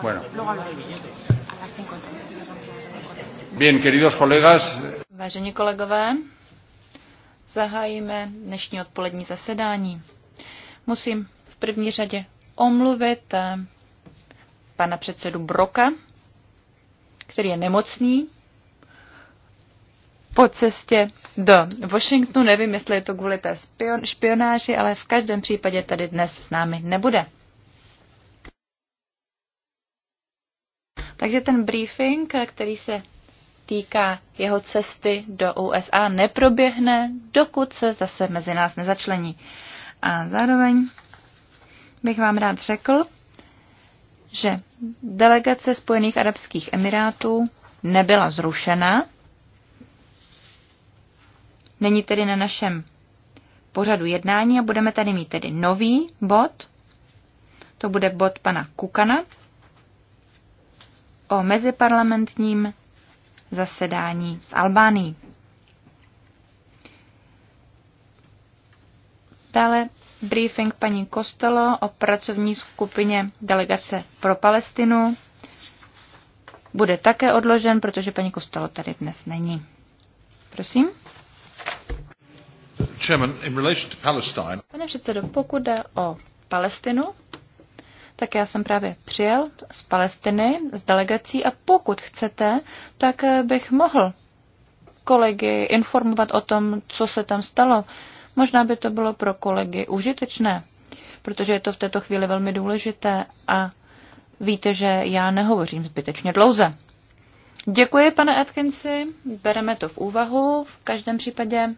Bueno. Bien, queridos colegas. Vážení kolegové, zahájíme dnešní odpolední zasedání. Musím v první řadě omluvit eh, pana předsedu Broka, který je nemocný po cestě do Washingtonu. Nevím, jestli je to kvůli té špionáži, ale v každém případě tady dnes s námi nebude. Takže ten briefing, který se týká jeho cesty do USA, neproběhne, dokud se zase mezi nás nezačlení. A zároveň bych vám rád řekl, že delegace Spojených Arabských Emirátů nebyla zrušena. Není tedy na našem pořadu jednání a budeme tady mít tedy nový bod. To bude bod pana Kukana, o meziparlamentním zasedání s Albánií. Dále briefing paní Kostelo o pracovní skupině delegace pro Palestinu bude také odložen, protože paní Kostelo tady dnes není. Prosím. Pane předsedo, pokud jde o Palestinu, tak já jsem právě přijel z Palestiny, z delegací a pokud chcete, tak eh, bych mohl kolegy informovat o tom, co se tam stalo. Možná by to bylo pro kolegy užitečné, protože je to v této chvíli velmi důležité a víte, že já nehovořím zbytečně dlouze. Děkuji, pane Atkinsi, bereme to v úvahu. V každém případě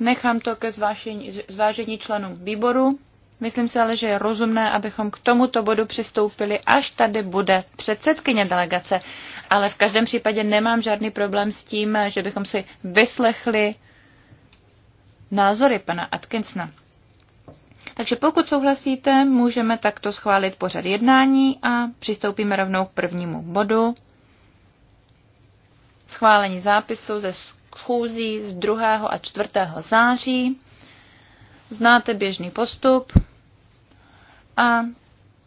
nechám to ke zvážení, zvážení členům výboru. Myslím si ale, že je rozumné, abychom k tomuto bodu přistoupili, až tady bude předsedkyně delegace. Ale v každém případě nemám žádný problém s tím, že bychom si vyslechli názory pana Atkinsona. Takže pokud souhlasíte, můžeme takto schválit pořad jednání a přistoupíme rovnou k prvnímu bodu. Schválení zápisu ze schůzí z 2. a 4. září. Znáte běžný postup. A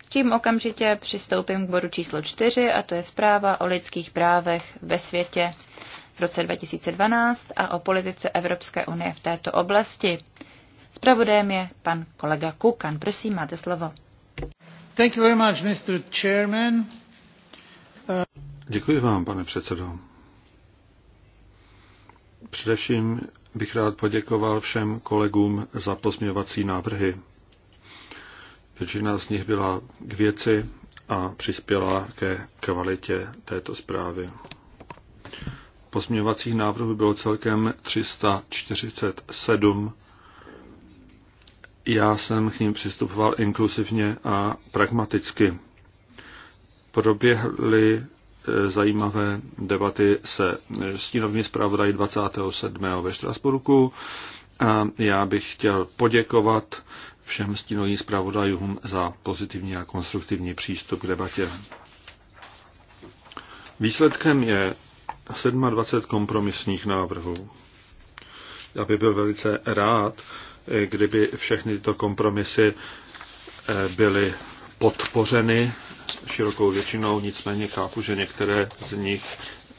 tím okamžitě přistoupím k bodu číslo 4, a to je zpráva o lidských právech ve světě v roce 2012 a o politice Evropské unie v této oblasti. Zpravodajem je pan kolega Kukan. Prosím, máte slovo. Thank you very much, Mr. Chairman. Uh... Děkuji vám, pane předsedo. Především bych rád poděkoval všem kolegům za pozměňovací návrhy. Většina z nich byla k věci a přispěla ke kvalitě této zprávy. Pozměňovacích návrhů bylo celkem 347. Já jsem k ním přistupoval inkluzivně a pragmaticky. Proběhly eh, zajímavé debaty se eh, stínovými zpravodají 27. ve Štrasburku. A já bych chtěl poděkovat všem stínovým zpravodajům za pozitivní a konstruktivní přístup k debatě. Výsledkem je 27 kompromisních návrhů. Já bych byl velice rád, kdyby všechny tyto kompromisy eh, byly podpořeny širokou většinou, nicméně chápu, že některé z nich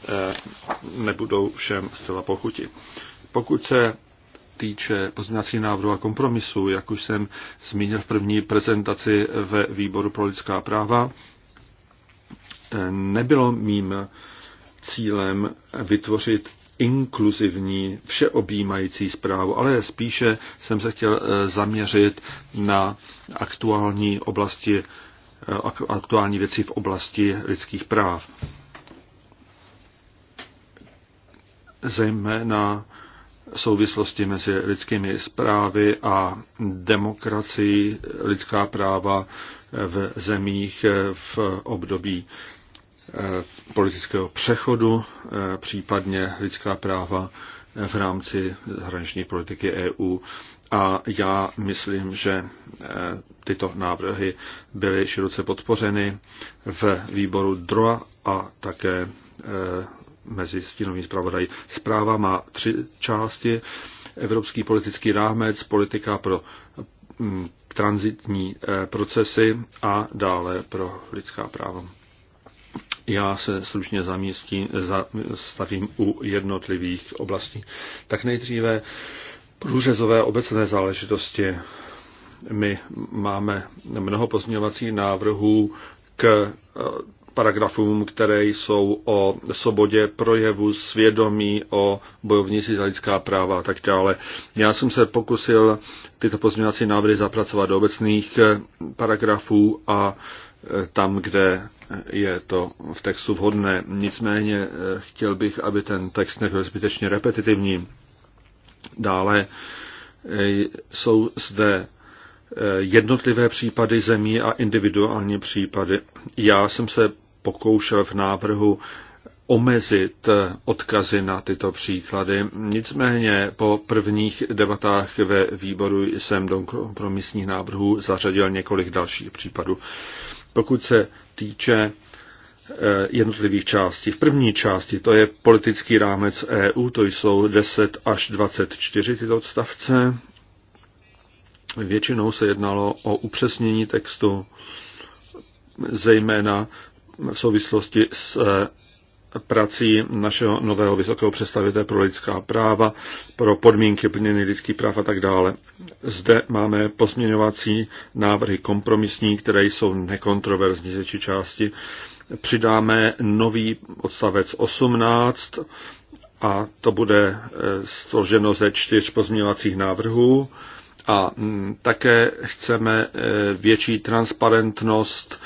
eh, nebudou všem zcela pochuti. Pokud se týče pozměňovacích návrhu a kompromisu, jak už jsem zmínil v první prezentaci ve výboru pro lidská práva, nebylo mým cílem vytvořit inkluzivní, všeobjímající zprávu, ale spíše jsem se chtěl eh, zaměřit na aktuální oblasti, eh, aktuální věci v oblasti lidských práv. Zejména souvislosti mezi lidskými zprávy a demokracií, lidská práva v zemích v období eh, politického přechodu, eh, případně lidská práva v rámci zahraniční politiky EU. A já myslím, že eh, tyto návrhy byly široce podpořeny v výboru DROA a také mezi stínovými zpravodají. Zpráva má tři části. Evropský politický rámec, politika pro mm, transitní eh, procesy a dále pro lidská práva. Já se slušně zamístím, stavím u jednotlivých oblastí. Tak nejdříve průřezové obecné záležitosti. My máme mnoho pozměňovacích návrhů k eh, paragrafům, které jsou o svobodě projevu, svědomí, o bojovníci za lidská práva a tak dále. Já jsem se pokusil tyto pozměňovací návrhy zapracovat do obecných eh, paragrafů a eh, tam, kde je to v textu vhodné. Nicméně eh, chtěl bych, aby ten text nebyl zbytečně repetitivní. Dále jsou zde Eh, jednotlivé případy zemí a individuální případy. Já jsem se pokoušel v návrhu omezit eh, odkazy na tyto příklady. Nicméně po prvních debatách ve výboru jsem do kompromisních návrhů zařadil několik dalších případů. Pokud se týče eh, jednotlivých částí. V první části to je politický rámec EU, to jsou 10 až 24 tyto odstavce. Většinou se jednalo o upřesnění textu, zejména v souvislosti s eh, prací našeho nového vysokého představitele pro lidská práva, pro podmínky plnění lidských práv a tak dále. Zde máme pozměňovací návrhy kompromisní, které jsou nekontroverzní ze části. Přidáme nový odstavec 18 a to bude eh, složeno ze čtyř pozměňovacích návrhů a mm, také chceme e, větší transparentnost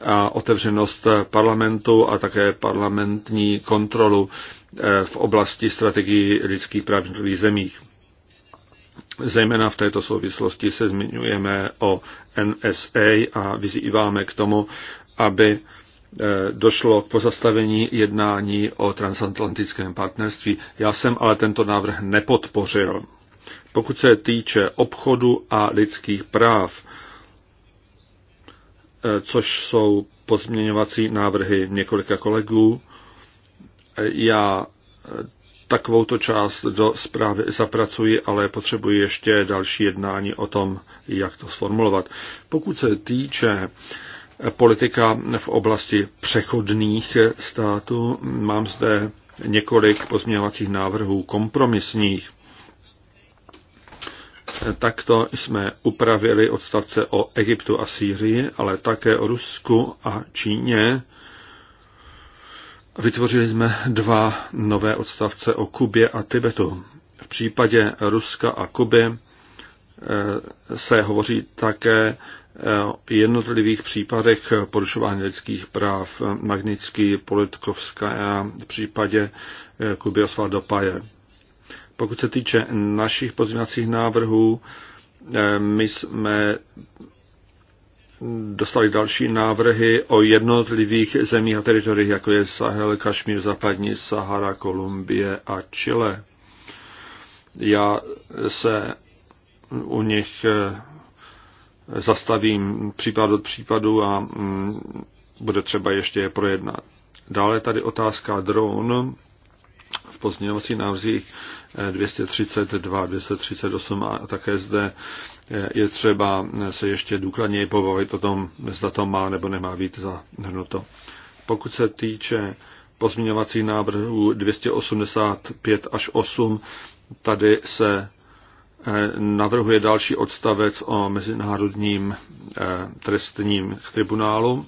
a otevřenost parlamentu a také parlamentní kontrolu e, v oblasti strategií lidských práv v zemích. Zejména v této souvislosti se zmiňujeme o NSA a vyzýváme k tomu, aby e, došlo k pozastavení jednání o transatlantickém partnerství. Já jsem ale tento návrh nepodpořil pokud se týče obchodu a lidských práv, eh, což jsou pozměňovací návrhy několika kolegů. Eh, já eh, takovouto část do zprávy zapracuji, ale potřebuji ještě další jednání o tom, jak to sformulovat. Pokud se týče politika v oblasti přechodných států, mám zde několik pozměňovacích návrhů kompromisních. Takto jsme upravili odstavce o Egyptu a Sýrii, ale také o Rusku a Číně. Vytvořili jsme dva nové odstavce o Kubě a Tibetu. V případě Ruska a Kuby eh, se hovoří také eh, o jednotlivých případech porušování lidských práv Magnický, Politkovská a v případě eh, Kuby Osvaldo Paje. Pokud se týče našich pozměňovacích návrhů, eh, my jsme dostali další návrhy o jednotlivých zemích a teritoriích, jako je Sahel, Kašmír, Západní Sahara, Kolumbie a Chile. Já se u nich eh, zastavím případ od případu a mm, bude třeba ještě je projednat. Dále tady otázka dron pozměňovacích návrzích 232, eh, 238 a také zde eh, je třeba se ještě důkladněji pobavit o tom, zda to má nebo nemá být zahrnuto. Pokud se týče pozměňovací návrhů 285 až 8, tady se eh, navrhuje další odstavec o Mezinárodním trestním tribunálu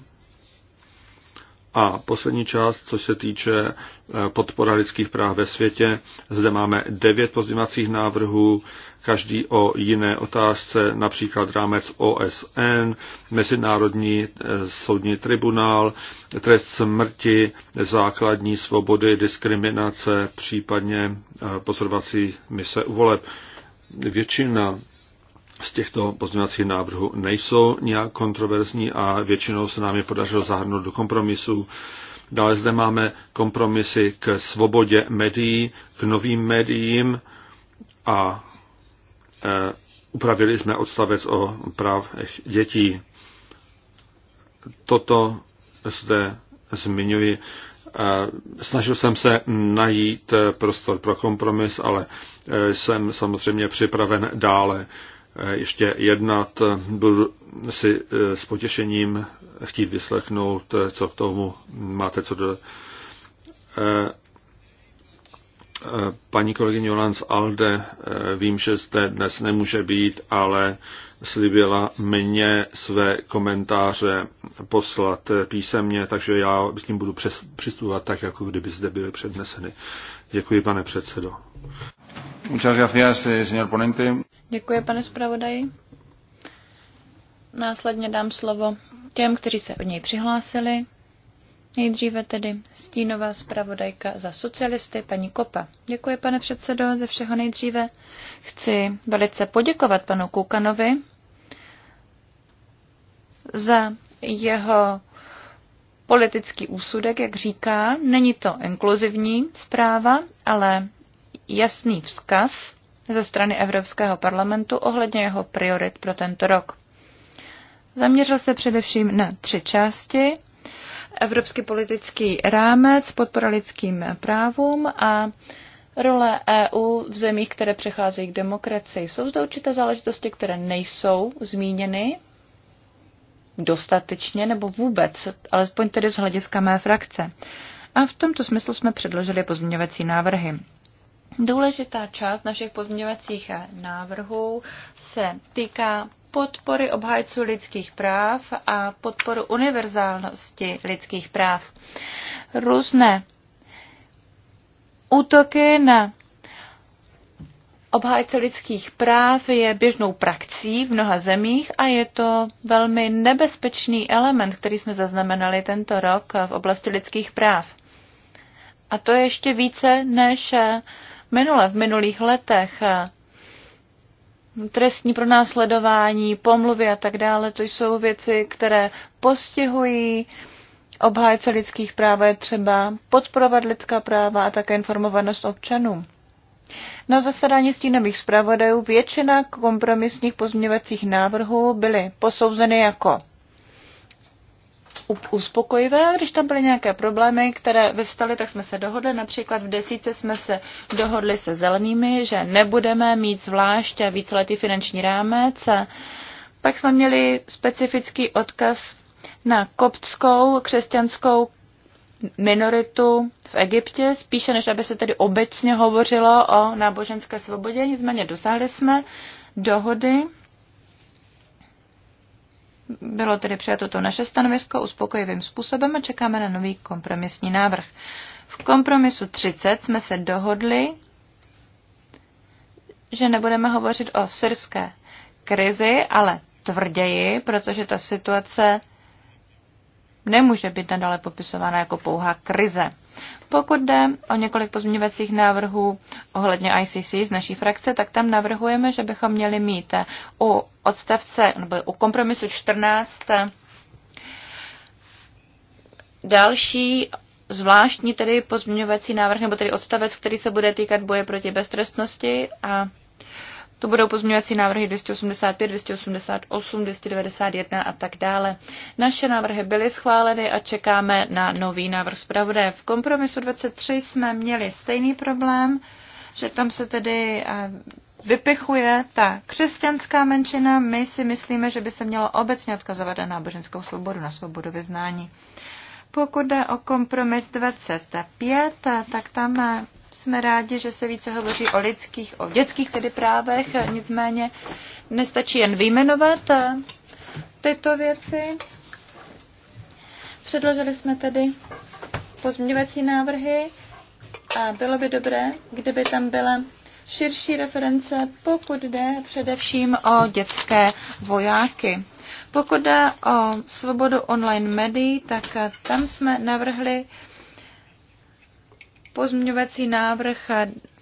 a poslední část, co se týče eh, podpora lidských práv ve světě, zde máme devět pozměňovacích návrhů, každý o jiné otázce, například rámec OSN, Mezinárodní eh, soudní tribunál, trest smrti, základní svobody, diskriminace, případně eh, pozorovací mise voleb. Většina z těchto pozměňovacích návrhů nejsou nějak kontroverzní a většinou se nám je podařilo zahrnout do kompromisu. Dále zde máme kompromisy k svobodě médií, k novým médiím a e, upravili jsme odstavec o právech dětí. Toto zde zmiňuji. E, snažil jsem se najít prostor pro kompromis, ale e, jsem samozřejmě připraven dále ještě jednat. Budu si eh, s potěšením chtít vyslechnout, eh, co k tomu máte co do. Eh, paní kolegyně Jolans Alde, vím, že zde dnes nemůže být, ale slibila mě své komentáře poslat písemně, takže já s tím budu přistupovat tak, jako kdyby zde byly předneseny. Děkuji, pane předsedo. Muchas gracias, señor ponente. Děkuji, pane zpravodaji. Následně dám slovo těm, kteří se od něj přihlásili. Nejdříve tedy stínová zpravodajka za socialisty, paní Kopa. Děkuji, pane předsedo, ze všeho nejdříve. Chci velice poděkovat panu Kukanovi za jeho politický úsudek, jak říká. Není to inkluzivní zpráva, ale jasný vzkaz ze strany Evropského parlamentu ohledně jeho priorit pro tento rok. Zaměřil se především na tři části. Evropský politický rámec, podpora lidským právům a role EU v zemích, které přecházejí k demokracii. Jsou zde určité záležitosti, které nejsou zmíněny dostatečně nebo vůbec, alespoň tedy z hlediska mé frakce. A v tomto smyslu jsme předložili pozměňovací návrhy. Důležitá část našich pozměňovacích návrhů se týká podpory obhajců lidských práv a podporu univerzálnosti lidských práv. Různé útoky na obhajce lidských práv je běžnou praxí v mnoha zemích a je to velmi nebezpečný element, který jsme zaznamenali tento rok v oblasti lidských práv. A to ještě více než minule, v minulých letech, trestní pronásledování, pomluvy a tak dále, to jsou věci, které postihují obhájce lidských práv, je třeba podporovat lidská práva a také informovanost občanů. Na zasedání stínových zpravodajů většina kompromisních pozměňovacích návrhů byly posouzeny jako uspokojivé. Když tam byly nějaké problémy, které vyvstaly, tak jsme se dohodli. Například v desíce jsme se dohodli se zelenými, že nebudeme mít zvlášť víceletý finanční rámec. Pak jsme měli specifický odkaz na koptskou křesťanskou minoritu v Egyptě, spíše než aby se tedy obecně hovořilo o náboženské svobodě. Nicméně dosáhli jsme dohody bylo tedy přijato to naše stanovisko uspokojivým způsobem a čekáme na nový kompromisní návrh. V kompromisu 30 jsme se dohodli, že nebudeme hovořit o syrské krizi, ale tvrději, protože ta situace nemůže být nadále popisována jako pouhá krize. Pokud jde o několik pozměňovacích návrhů ohledně ICC z naší frakce, tak tam navrhujeme, že bychom měli mít u odstavce nebo u kompromisu 14 další zvláštní tedy pozměňovací návrh nebo tedy odstavec, který se bude týkat boje proti beztrestnosti a to budou pozměňovací návrhy 285, 288, 291 a tak dále. Naše návrhy byly schváleny a čekáme na nový návrh zpravodaje. V kompromisu 23 jsme měli stejný problém, že tam se tedy eh, vypichuje ta křesťanská menšina. My si myslíme, že by se mělo obecně odkazovat na náboženskou svobodu, na svobodu vyznání. Pokud jde o kompromis 25, tak tam eh, jsme rádi, že se více hovoří o lidských, o dětských tedy právech, nicméně nestačí jen vyjmenovat eh, tyto věci. Předložili jsme tedy pozměňovací návrhy a bylo by dobré, kdyby tam byla širší reference, pokud jde především o dětské vojáky. Pokud jde o svobodu online médií, tak tam jsme navrhli pozměňovací návrh,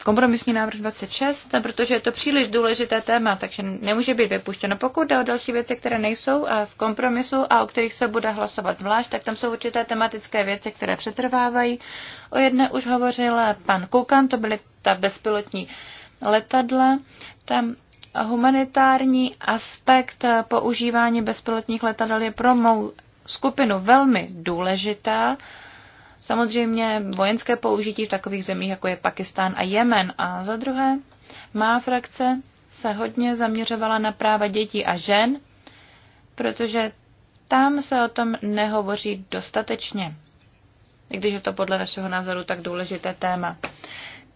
kompromisní návrh 26, protože je to příliš důležité téma, takže nemůže být vypuštěno. Pokud jde o další věci, které nejsou v kompromisu a o kterých se bude hlasovat zvlášť, tak tam jsou určité tematické věci, které přetrvávají. O jedné už hovořil pan Kukan, to byly ta bezpilotní letadla. Tam humanitární aspekt používání bezpilotních letadel je pro mou skupinu velmi důležitá Samozřejmě vojenské použití v takových zemích, jako je Pakistán a Jemen. A za druhé, má frakce se hodně zaměřovala na práva dětí a žen, protože tam se o tom nehovoří dostatečně, i když je to podle našeho názoru tak důležité téma.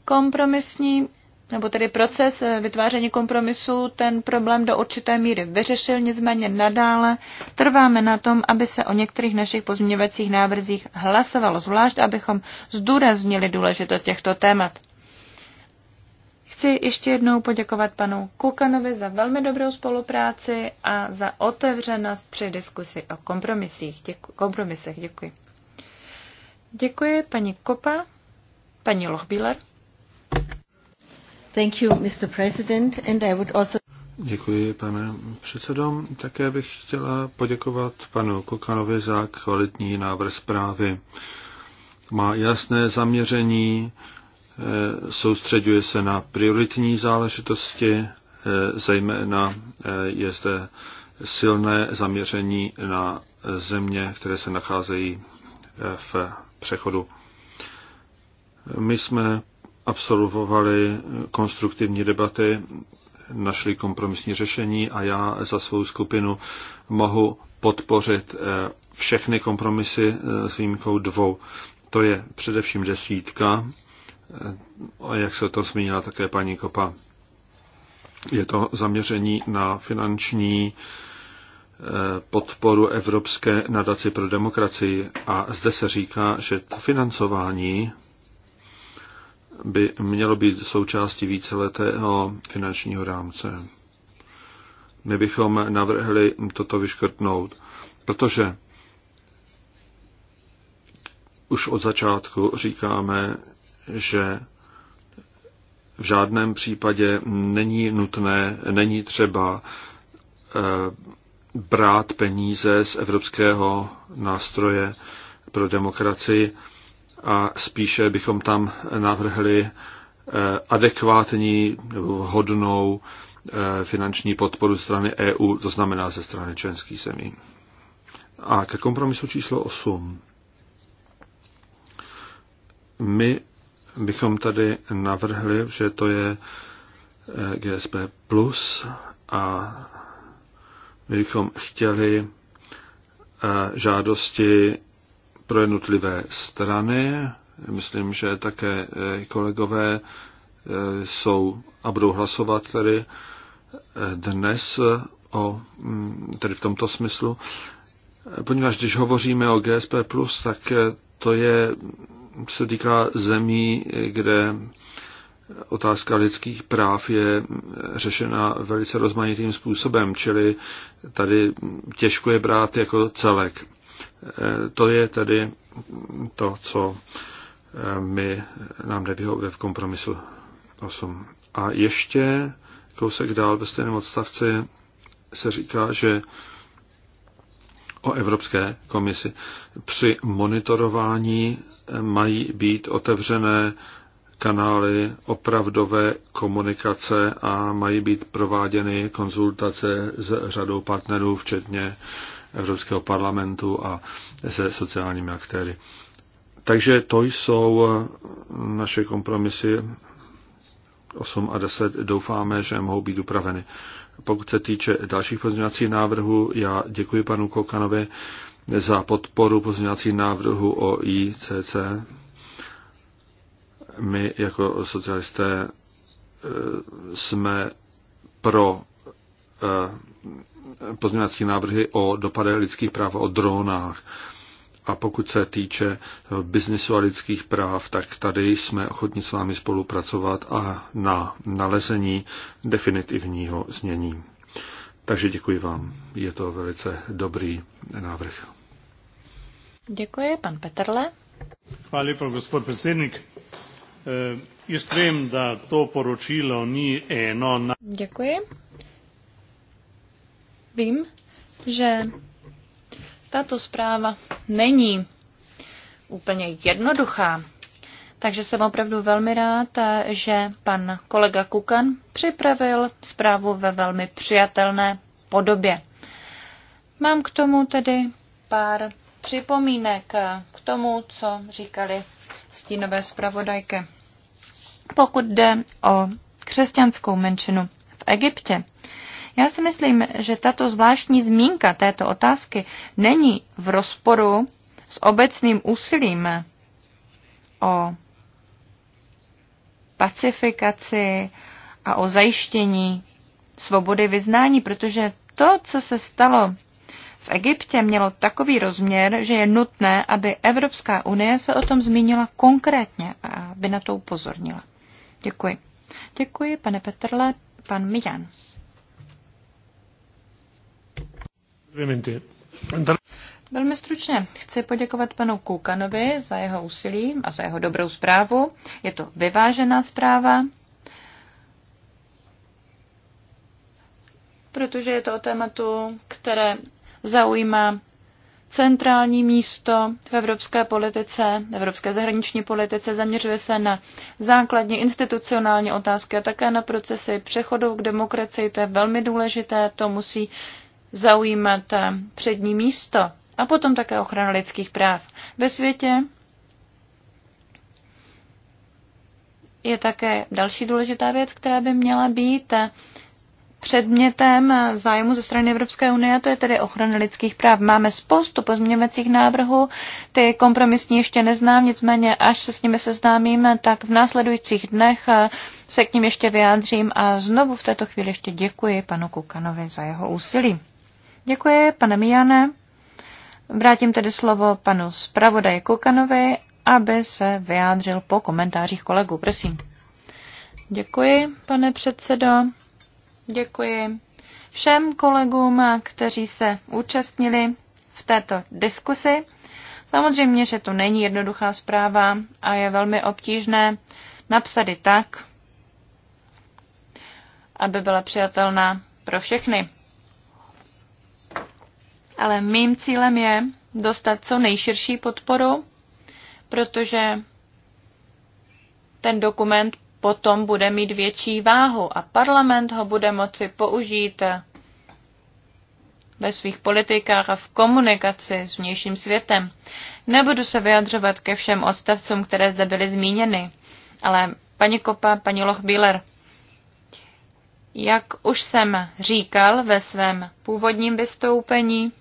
Kompromisní nebo tedy proces eh, vytváření kompromisu ten problém do určité míry vyřešil, nicméně nadále trváme na tom, aby se o některých našich pozměňovacích návrzích hlasovalo, zvlášť abychom zdůraznili důležitost těchto témat. Chci ještě jednou poděkovat panu Kukanovi za velmi dobrou spolupráci a za otevřenost při diskusi o kompromisích. Děku, kompromisech. Děkuji. Děkuji paní Kopa, paní Lochbíler. Děkuji, pane předsedo. Také bych chtěla poděkovat panu Kokanovi za kvalitní návrh zprávy. Má jasné zaměření, eh, soustředuje se na prioritní záležitosti, eh, zejména eh, je zde silné zaměření na země, které se nacházejí v přechodu. My jsme absolvovali konstruktivní debaty, našli kompromisní řešení a já za svou skupinu mohu podpořit eh, všechny kompromisy eh, s výjimkou dvou. To je především desítka, eh, a jak se to zmínila také paní Kopa. Je to zaměření na finanční podporu Evropské nadaci pro demokracii a zde se říká, že to financování by mělo být součástí víceletého finančního rámce. My bychom navrhli toto vyškrtnout, protože už od začátku říkáme, že v žádném případě není nutné, není třeba eh, brát peníze z Evropského nástroje pro demokracii, a spíše bychom tam navrhli eh, adekvátní nebo hodnou eh, finanční podporu strany EU, to znamená ze strany členských zemí. A ke kompromisu číslo 8. My bychom tady navrhli, že to je eh, GSP plus a my bychom chtěli žádosti pro jednotlivé strany. Myslím, že také eh, kolegové eh, jsou a budou hlasovat tady eh, dnes o, mm, tedy v tomto smyslu, poněvadž když hovoříme o GSP+, tak to je, se týká zemí, kde otázka lidských práv je řešena velice rozmanitým způsobem, čili tady těžko je brát jako celek. Eh, to je tedy to, co eh, my, nám nevyhovuje v kompromisu 8. A ještě kousek dál ve stejném odstavci se říká, že o Evropské komisi. Při monitorování eh, mají být otevřené kanály opravdové komunikace a mají být prováděny konzultace s řadou partnerů, včetně Evropského parlamentu a se sociálními aktéry. Takže to jsou eh, naše kompromisy 8 a 10. Doufáme, že mohou být upraveny. Pokud se týče dalších pozměňovacích návrhů, já děkuji panu Kokanovi za podporu pozměňovacích návrhů o ICC. My jako socialisté eh, jsme pro eh, pozměňovací návrhy o dopade lidských práv o dronách. A pokud se týče biznisu a lidských práv, tak tady jsme ochotni s vámi spolupracovat a na nalezení definitivního znění. Takže děkuji vám. Je to velice dobrý návrh. Děkuji, pan Petrle. Hvala lepo, gospod predsednik. Eh, jaz vem, da to poročilo ni eno. Na... Děkuji. Vím, že tato zpráva není úplně jednoduchá, takže jsem opravdu velmi rád, že pan kolega Kukan připravil zprávu ve velmi přijatelné podobě. Mám k tomu tedy pár připomínek k tomu, co říkali stínové zpravodajky. Pokud jde o křesťanskou menšinu v Egyptě, já si myslím, že tato zvláštní zmínka této otázky není v rozporu s obecným úsilím o pacifikaci a o zajištění svobody vyznání, protože to, co se stalo v Egyptě, mělo takový rozměr, že je nutné, aby Evropská unie se o tom zmínila konkrétně a aby na to upozornila. Děkuji. Děkuji, pane Petrle, pan Mijan. Dvě minuty. Velmi stručně chci poděkovat panu Koukanovi za jeho úsilí a za jeho dobrou zprávu. Je to vyvážená zpráva, protože je to o tématu, které zaujímá centrální místo v evropské politice, evropské zahraniční politice, zaměřuje se na základní institucionální otázky a také na procesy přechodu k demokracii, to je velmi důležité, to musí zaujímat přední místo a potom také ochrana lidských práv. Ve světě je také další důležitá věc, která by měla být předmětem zájmu ze strany Evropské unie, a to je tedy ochrana lidských práv. Máme spoustu pozměňovacích návrhů, ty kompromisní ještě neznám, nicméně až se s nimi seznámíme, tak v následujících dnech se k ním ještě vyjádřím a znovu v této chvíli ještě děkuji panu Kukanovi za jeho úsilí. Děkuji, pane Mijane. Vrátím tedy slovo panu zpravodaji Kukanovi, aby se vyjádřil po komentářích kolegů. Prosím. Děkuji, pane předsedo. Děkuji všem kolegům, kteří se účastnili v této diskusi. Samozřejmě, že to není jednoduchá zpráva a je velmi obtížné napsat i tak, aby byla přijatelná pro všechny ale mým cílem je dostat co nejširší podporu, protože ten dokument potom bude mít větší váhu a parlament ho bude moci použít ve svých politikách a v komunikaci s vnějším světem. Nebudu se vyjadřovat ke všem odstavcům, které zde byly zmíněny, ale paní Kopa, paní Lochbíler, jak už jsem říkal ve svém původním vystoupení,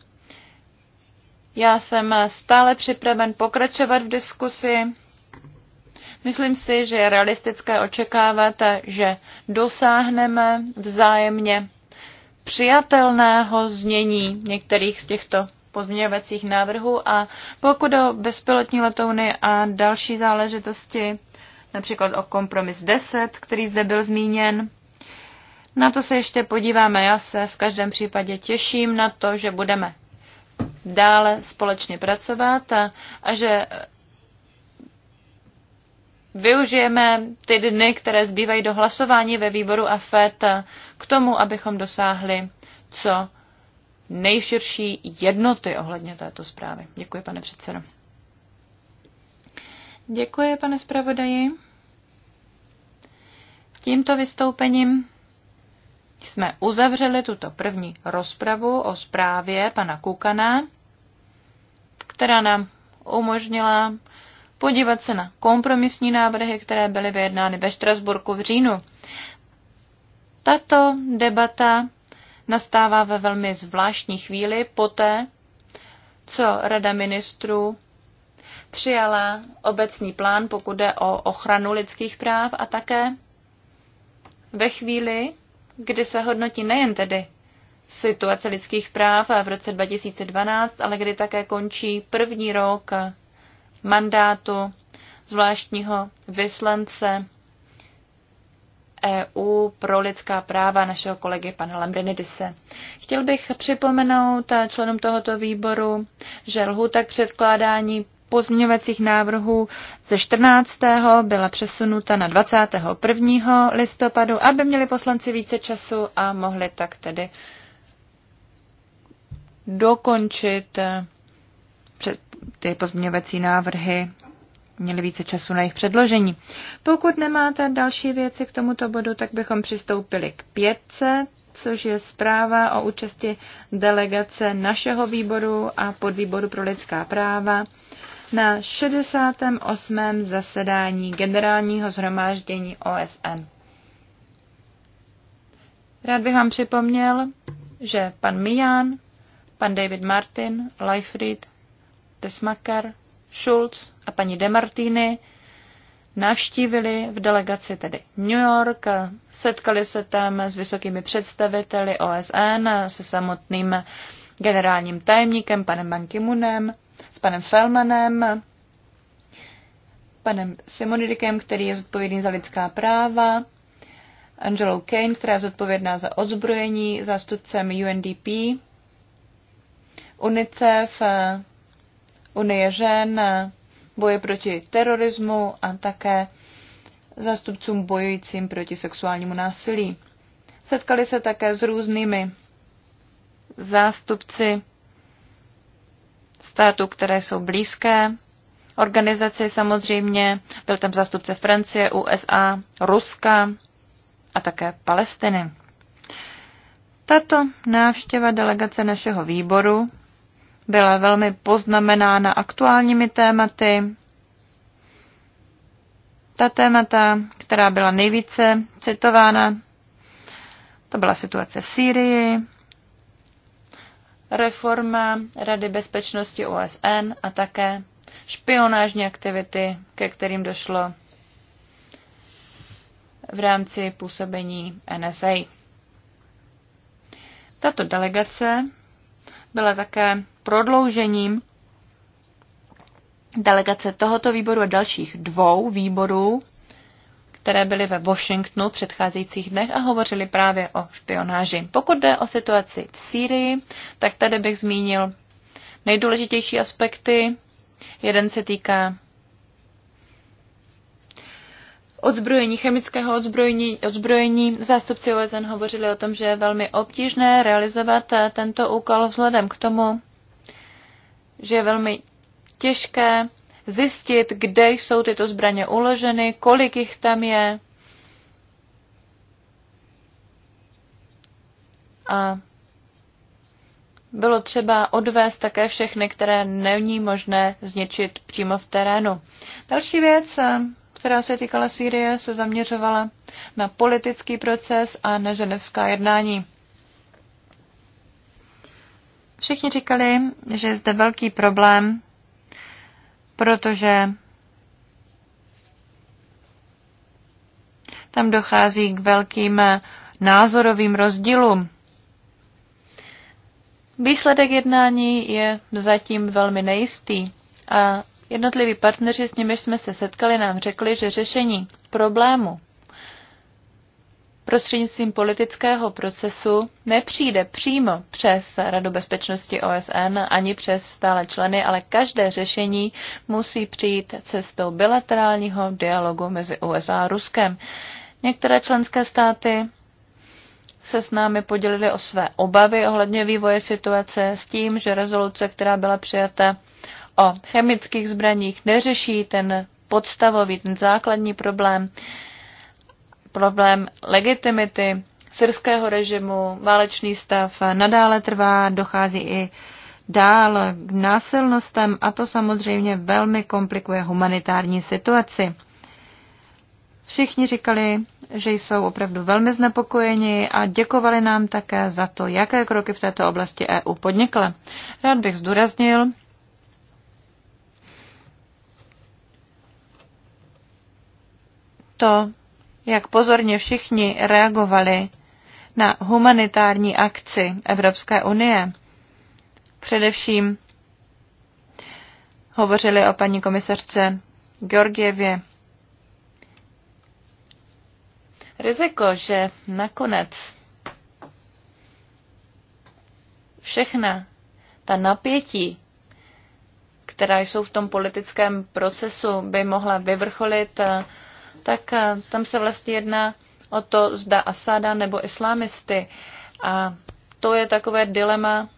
já jsem stále připraven pokračovat v diskusi. Myslím si, že je realistické očekávat, že dosáhneme vzájemně přijatelného znění některých z těchto pozměňovacích návrhů a pokud o bezpilotní letouny a další záležitosti, například o kompromis 10, který zde byl zmíněn, na to se ještě podíváme. Já se v každém případě těším na to, že budeme dále společně pracovat a, a že využijeme ty dny, které zbývají do hlasování ve výboru FED k tomu, abychom dosáhli co nejširší jednoty ohledně této zprávy. Děkuji, pane předsedo. Děkuji, pane zpravodaji. Tímto vystoupením jsme uzavřeli tuto první rozpravu o zprávě pana Kukana, která nám umožnila podívat se na kompromisní návrhy, které byly vyjednány ve Štrasburku v říjnu. Tato debata nastává ve velmi zvláštní chvíli poté, co Rada ministrů přijala obecný plán, pokud jde o ochranu lidských práv a také ve chvíli, kdy se hodnotí nejen tedy situace lidských práv v roce 2012, ale kdy také končí první rok mandátu zvláštního vyslance EU pro lidská práva našeho kolegy pana Lambrinidise. Chtěl bych připomenout členům tohoto výboru, že lhůta k předkládání pozměňovacích návrhů ze 14. byla přesunuta na 21. listopadu, aby měli poslanci více času a mohli tak tedy dokončit eh, ty pozměňovací návrhy, měli více času na jejich předložení. Pokud nemáte další věci k tomuto bodu, tak bychom přistoupili k pětce, což je zpráva o účasti delegace našeho výboru a podvýboru pro lidská práva na 68. zasedání generálního zhromáždění OSN. Rád bych vám připomněl, že pan Mian, pan David Martin, Leifried, Desmaker, Schulz a paní Demartini navštívili v delegaci tedy New York, setkali se tam s vysokými představiteli OSN, se samotným generálním tajemníkem panem Ban Ki-moonem s panem Felmanem, panem Simonidikem, který je zodpovědný za lidská práva, Angelou Kane, která je zodpovědná za odzbrojení, zástupcem UNDP, UNICEF, Unie žen, boje proti terorismu a také zástupcům bojujícím proti sexuálnímu násilí. Setkali se také s různými zástupci států, které jsou blízké organizaci samozřejmě. Byl tam zástupce Francie, USA, Ruska a také Palestiny. Tato návštěva delegace našeho výboru byla velmi poznamenána aktuálními tématy. Ta témata, která byla nejvíce citována, to byla situace v Sýrii, reforma Rady bezpečnosti OSN a také špionážní aktivity, ke kterým došlo v rámci působení NSA. Tato delegace byla také prodloužením delegace tohoto výboru a dalších dvou výborů které byly ve Washingtonu v předcházejících dnech a hovořili právě o špionáži. Pokud jde o situaci v Sýrii, tak tady bych zmínil nejdůležitější aspekty. Jeden se týká odzbrojení, chemického odzbrojení, odzbrojení. Zástupci OSN hovořili o tom, že je velmi obtížné realizovat tento úkol vzhledem k tomu, že je velmi těžké zjistit, kde jsou tyto zbraně uloženy, kolik jich tam je. A bylo třeba odvést také všechny, které není možné zničit přímo v terénu. Další věc, která se týkala Sýrie, se zaměřovala na politický proces a na ženevská jednání. Všichni říkali, že je zde velký problém protože tam dochází k velkým názorovým rozdílům. Výsledek jednání je zatím velmi nejistý a jednotliví partneři, s nimiž jsme se setkali, nám řekli, že řešení problému prostřednictvím politického procesu nepřijde přímo přes Radu bezpečnosti OSN ani přes stále členy, ale každé řešení musí přijít cestou bilaterálního dialogu mezi USA a Ruskem. Některé členské státy se s námi podělili o své obavy ohledně vývoje situace s tím, že rezoluce, která byla přijata o chemických zbraních, neřeší ten podstavový, ten základní problém, problém legitimity syrského režimu, válečný stav nadále trvá, dochází i dál k násilnostem a to samozřejmě velmi komplikuje humanitární situaci. Všichni říkali, že jsou opravdu velmi znepokojeni a děkovali nám také za to, jaké kroky v této oblasti EU podnikla. Rád bych zdůraznil, to, jak pozorně všichni reagovali na humanitární akci Evropské unie. Především hovořili o paní komisařce Georgievě. Riziko, že nakonec všechna ta napětí, která jsou v tom politickém procesu, by mohla vyvrcholit eh, tak eh, tam se vlastně jedná o to, zda Asada nebo islámisty. A to je takové dilema,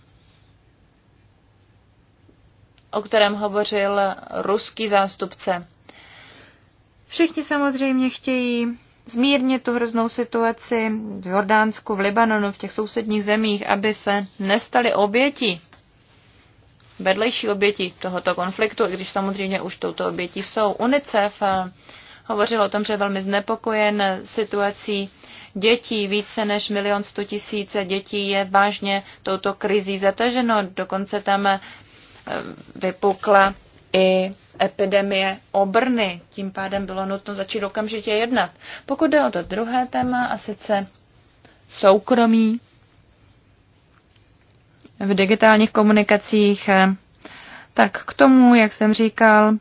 o kterém hovořil ruský zástupce. Všichni samozřejmě chtějí zmírnit tu hroznou situaci v Jordánsku, v Libanonu, v těch sousedních zemích, aby se nestaly oběti, vedlejší oběti tohoto konfliktu, i když samozřejmě už touto obětí jsou. UNICEF eh, hovořil o tom, že je velmi znepokojen situací dětí. Více než milion sto tisíc dětí je vážně touto krizí zataženo. Dokonce tam eh, vypukla i epidemie obrny. Tím pádem bylo nutno začít okamžitě jednat. Pokud jde o to druhé téma, a sice soukromí v digitálních komunikacích, eh, tak k tomu, jak jsem říkal,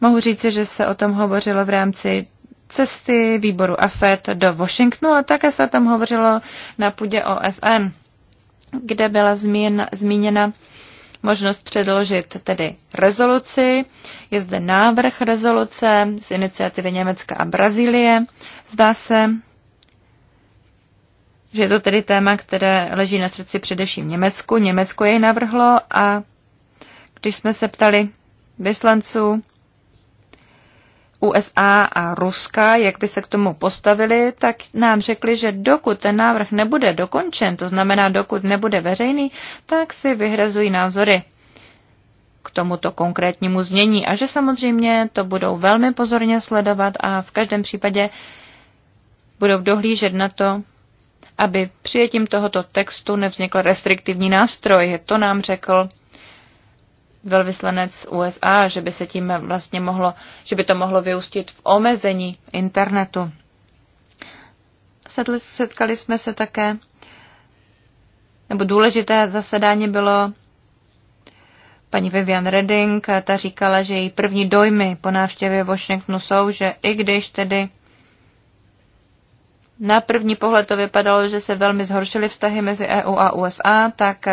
Mohu říci, že se o tom hovořilo v rámci cesty výboru AFET do Washingtonu a také se o tom hovořilo na půdě OSN, kde byla zmíněna, zmíněna možnost předložit tedy rezoluci. Je zde návrh rezoluce z iniciativy Německa a Brazílie. Zdá se, že je to tedy téma, které leží na srdci především Německu. Německo jej navrhlo a když jsme se ptali vyslanců USA a Ruska, jak by se k tomu postavili, tak nám řekli, že dokud ten návrh nebude dokončen, to znamená dokud nebude veřejný, tak si vyhrazují názory k tomuto konkrétnímu znění a že samozřejmě to budou velmi pozorně sledovat a v každém případě budou dohlížet na to, aby přijetím tohoto textu nevznikl restriktivní nástroj. To nám řekl velvyslanec USA, že by se tím vlastně mohlo, že by to mohlo vyústit v omezení internetu. Setli, setkali jsme se také, nebo důležité zasedání bylo paní Vivian Redding, ta říkala, že její první dojmy po návštěvě Washingtonu jsou, že i když tedy na první pohled to vypadalo, že se velmi zhoršily vztahy mezi EU a USA, tak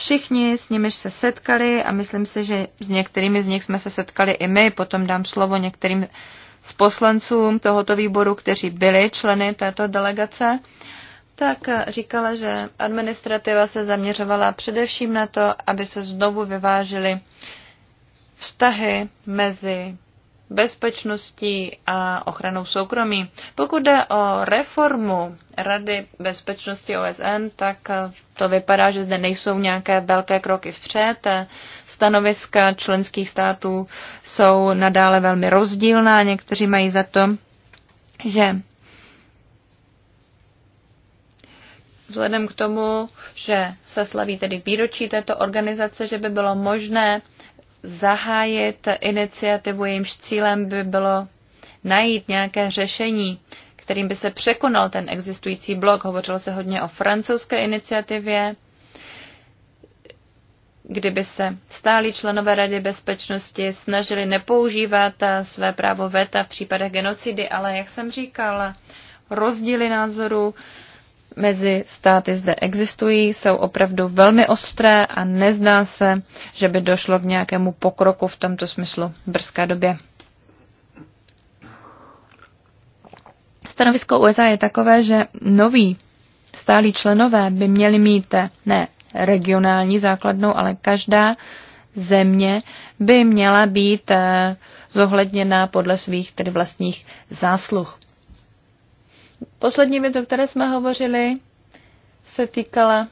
všichni, s nimiž se setkali a myslím si, že s některými z nich jsme se setkali i my, potom dám slovo některým z poslancům tohoto výboru, kteří byli členy této delegace, tak eh, říkala, že administrativa se zaměřovala především na to, aby se znovu vyvážily vztahy mezi bezpečností a ochranou soukromí. Pokud jde o reformu Rady bezpečnosti OSN, tak eh, to vypadá, že zde nejsou nějaké velké kroky vpřed. Stanoviska členských států jsou nadále velmi rozdílná. Někteří mají za to, že vzhledem k tomu, že se slaví tedy výročí této organizace, že by bylo možné zahájit iniciativu, jejímž cílem by bylo najít nějaké řešení, kterým by se překonal ten existující blok. Hovořilo se hodně o francouzské iniciativě, kdyby se stálí členové Rady bezpečnosti snažili nepoužívat své právo VETA v případech genocidy, ale jak jsem říkala, rozdíly názorů mezi státy zde existují, jsou opravdu velmi ostré a nezdá se, že by došlo k nějakému pokroku v tomto smyslu v brzké době. Stanovisko USA je takové, že noví stálí členové by měli mít ne regionální základnou, ale každá země by měla být eh, zohledněna podle svých tedy vlastních zásluh. Poslední věc, o které jsme hovořili, se týkala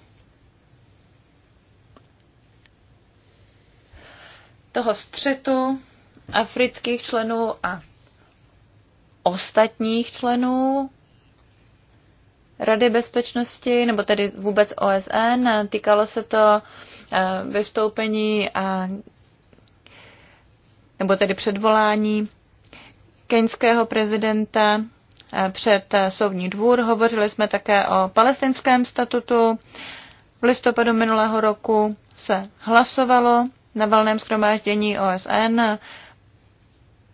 toho střetu afrických členů a ostatních členů Rady bezpečnosti, nebo tedy vůbec OSN. Týkalo se to eh, vystoupení a, nebo tedy předvolání keňského prezidenta před soudní dvůr. Hovořili jsme také o palestinském statutu. V listopadu minulého roku se hlasovalo na valném schromáždění OSN.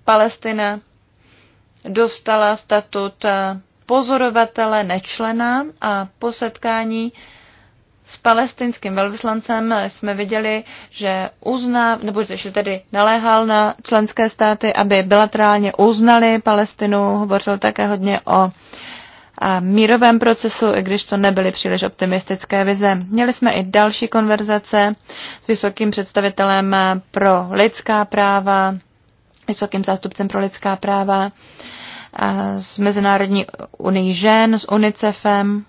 Palestina dostala statut pozorovatele nečlena a po setkání s palestinským velvyslancem jsme viděli, že uzná, nebo že tedy naléhal na členské státy, aby bilaterálně uznali Palestinu. Hovořil také hodně o a mírovém procesu, i když to nebyly příliš optimistické vize. Měli jsme i další konverzace s vysokým představitelem pro lidská práva, vysokým zástupcem pro lidská práva, s Mezinárodní unii žen, s UNICEFem,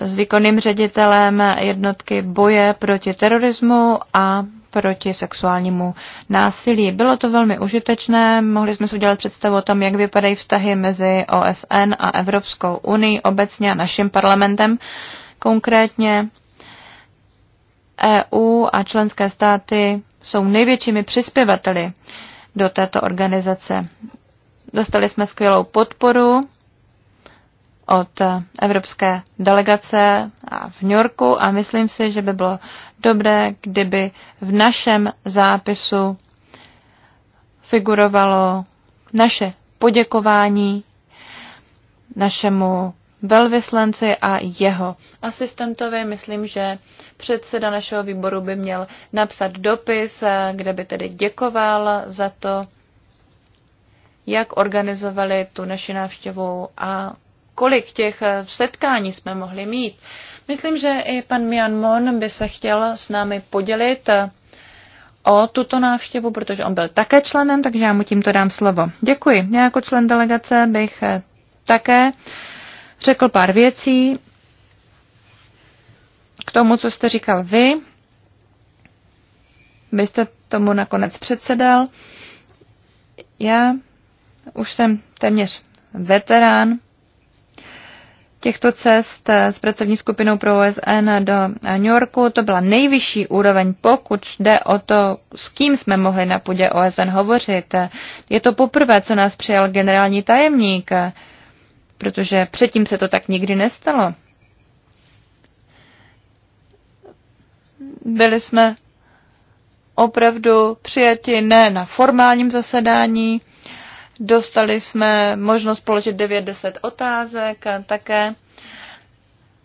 s výkonným ředitelem jednotky boje proti terorismu a proti sexuálnímu násilí. Bylo to velmi užitečné, mohli jsme si udělat představu o tom, jak vypadají vztahy mezi OSN a Evropskou unii obecně a naším parlamentem konkrétně. EU a členské státy jsou největšími přispěvateli do této organizace. Dostali jsme skvělou podporu od evropské delegace a v New Yorku a myslím si, že by bylo dobré, kdyby v našem zápisu figurovalo naše poděkování našemu velvyslanci a jeho asistentovi. Myslím, že předseda našeho výboru by měl napsat dopis, kde by tedy děkoval za to, jak organizovali tu naši návštěvu a kolik těch eh, setkání jsme mohli mít. Myslím, že i pan Mian Mon by se chtěl s námi podělit eh, o tuto návštěvu, protože on byl také členem, takže já mu tímto dám slovo. Děkuji. Já jako člen delegace bych eh, také řekl pár věcí k tomu, co jste říkal vy. Vy jste tomu nakonec předsedal. Já už jsem téměř veterán těchto cest eh, s pracovní skupinou pro OSN do eh, New Yorku. To byla nejvyšší úroveň, pokud jde o to, s kým jsme mohli na půdě OSN hovořit. Je to poprvé, co nás přijal generální tajemník, eh, protože předtím se to tak nikdy nestalo. Byli jsme opravdu přijati ne na formálním zasedání, Dostali jsme možnost položit 9-10 otázek také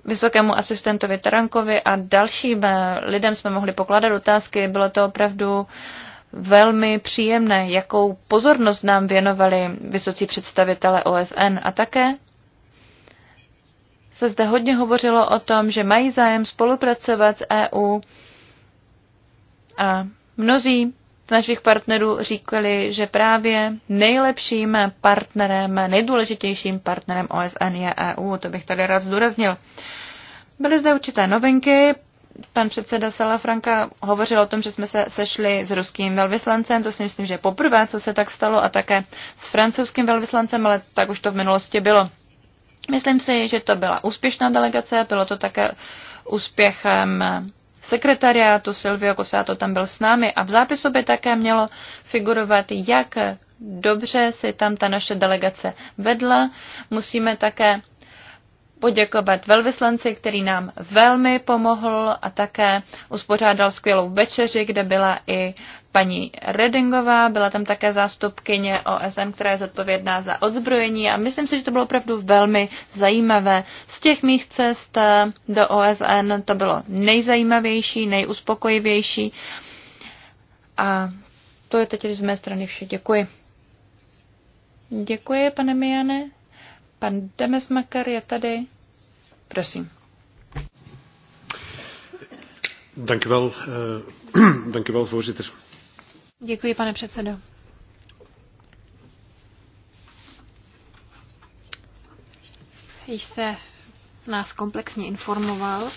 vysokému asistentovi Tarankovi a dalším lidem jsme mohli pokládat otázky. Bylo to opravdu velmi příjemné, jakou pozornost nám věnovali vysocí představitele OSN a také se zde hodně hovořilo o tom, že mají zájem spolupracovat s EU a mnozí našich partnerů říkali, že právě nejlepším partnerem, nejdůležitějším partnerem OSN je EU. To bych tady rád zdůraznil. Byly zde určité novinky. Pan předseda Salafranka hovořil o tom, že jsme se sešli s ruským velvyslancem, to si myslím, že je poprvé, co se tak stalo, a také s francouzským velvyslancem, ale tak už to v minulosti bylo. Myslím si, že to byla úspěšná delegace, bylo to také úspěchem sekretariátu Silvio Cosato tam byl s námi a v zápisu by také mělo figurovat, jak dobře si tam ta naše delegace vedla. Musíme také poděkovat velvyslanci, který nám velmi pomohl a také uspořádal skvělou večeři, kde byla i paní Redingová, byla tam také zástupkyně OSN, která je zodpovědná za odzbrojení a myslím si, že to bylo opravdu velmi zajímavé. Z těch mých cest eh, do OSN to bylo nejzajímavější, nejuspokojivější a to je teď z mé strany vše. Děkuji. Děkuji, pane Mijane. Pan Demesmaker je tady. Prosím. Dank u wel, uh, dank u wel voorzitter. Děkuji, pane předsedo. Již se nás komplexně informoval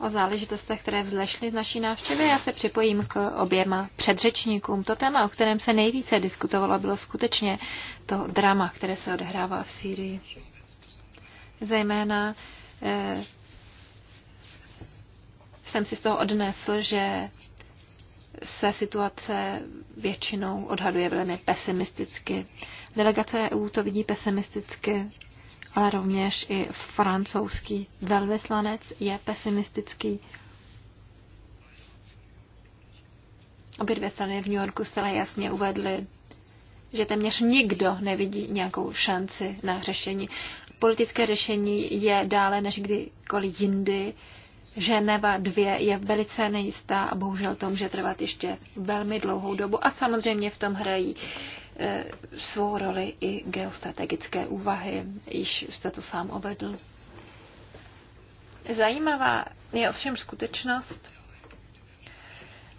o záležitostech, které vzlešly z naší návštěvy. Já se připojím k oběma předřečníkům. To téma, o kterém se nejvíce diskutovalo, bylo skutečně to drama, které se odehrává v Sýrii. Zejména eh, jsem si z toho odnesl, že se situace většinou odhaduje velmi pesimisticky. Delegace EU to vidí pesimisticky ale rovněž i francouzský velvyslanec je pesimistický. Obě dvě strany v New Yorku zcela jasně uvedly, že téměř nikdo nevidí nějakou šanci na řešení. Politické řešení je dále než kdykoliv jindy. Ženeva 2 je velice nejistá a bohužel to může trvat ještě velmi dlouhou dobu. A samozřejmě v tom hrají Eh, svou roli i geostrategické úvahy, již jste to sám uvedl. Zajímavá je ovšem skutečnost,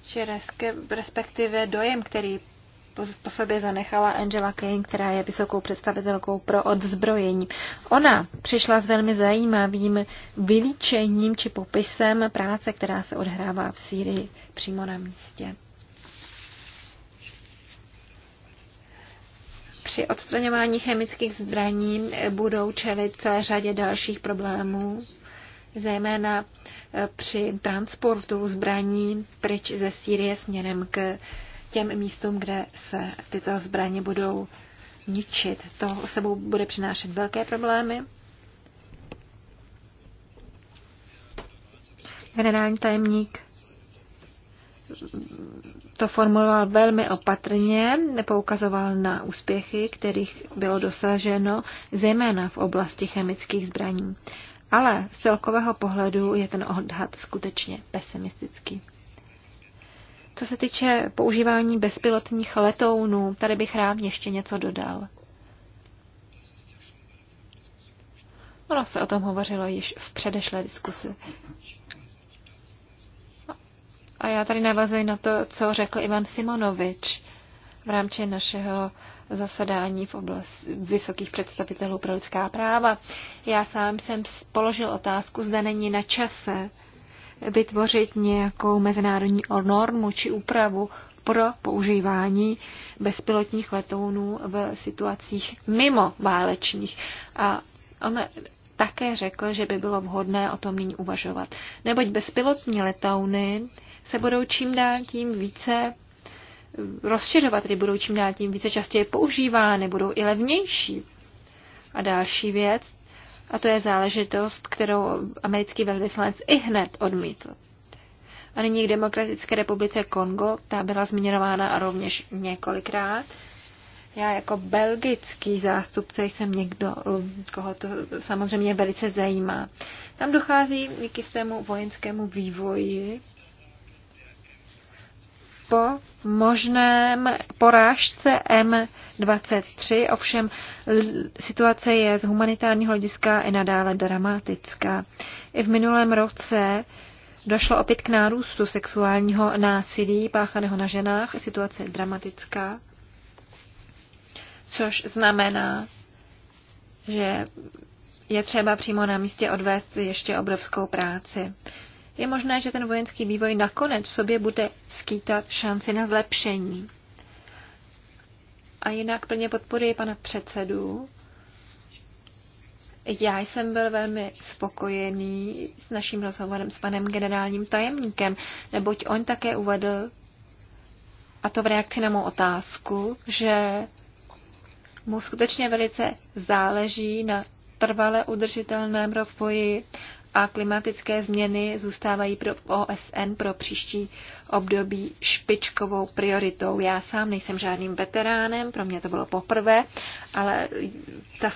že respektive dojem, který po sobě zanechala Angela Kane, která je vysokou představitelkou pro odzbrojení. Ona přišla s velmi zajímavým vylíčením či popisem práce, která se odhrává v Sýrii přímo na místě. při odstraňování chemických zbraní budou čelit celé řadě dalších problémů, zejména eh, při transportu zbraní pryč ze Sýrie směrem k těm místům, kde se tyto zbraně budou ničit. To sebou bude přinášet velké problémy. Generální tajemník to formuloval velmi opatrně, nepoukazoval na úspěchy, kterých bylo dosaženo, zejména v oblasti chemických zbraní. Ale z celkového pohledu je ten odhad skutečně pesimistický. Co se týče používání bezpilotních letounů, tady bych rád ještě něco dodal. Ono se o tom hovořilo již v předešlé diskusi. A já tady navazuji na to, co řekl Ivan Simonovič v rámci našeho zasedání v oblasti vysokých představitelů pro lidská práva. Já sám jsem položil otázku, zda není na čase vytvořit nějakou mezinárodní normu či úpravu pro používání bezpilotních letounů v situacích mimo válečných. A on také řekl, že by bylo vhodné o tom nyní uvažovat. Neboť bezpilotní letouny se budou čím dál tím více rozšiřovat, tedy budou čím dál tím více častěji používány, budou i levnější. A další věc, a to je záležitost, kterou americký velvyslanec i hned odmítl. A nyní k Demokratické republice Kongo, ta byla zmiňována rovněž několikrát. Já jako belgický zástupce jsem někdo, koho to samozřejmě velice zajímá. Tam dochází k jistému vojenskému vývoji, po možném porážce M23, ovšem situace je z humanitárního hlediska i nadále dramatická. I v minulém roce došlo opět k nárůstu sexuálního násilí páchaného na ženách. Situace je dramatická, což znamená, že je třeba přímo na místě odvést ještě obrovskou práci je možné, že ten vojenský vývoj nakonec v sobě bude skýtat šanci na zlepšení. A jinak plně podporuji pana předsedu. Já jsem byl velmi spokojený s naším rozhovorem s panem generálním tajemníkem, neboť on také uvedl, a to v reakci na mou otázku, že mu skutečně velice záleží na trvale udržitelném rozvoji a klimatické změny zůstávají pro OSN pro příští období špičkovou prioritou. Já sám nejsem žádným veteránem, pro mě to bylo poprvé, ale ta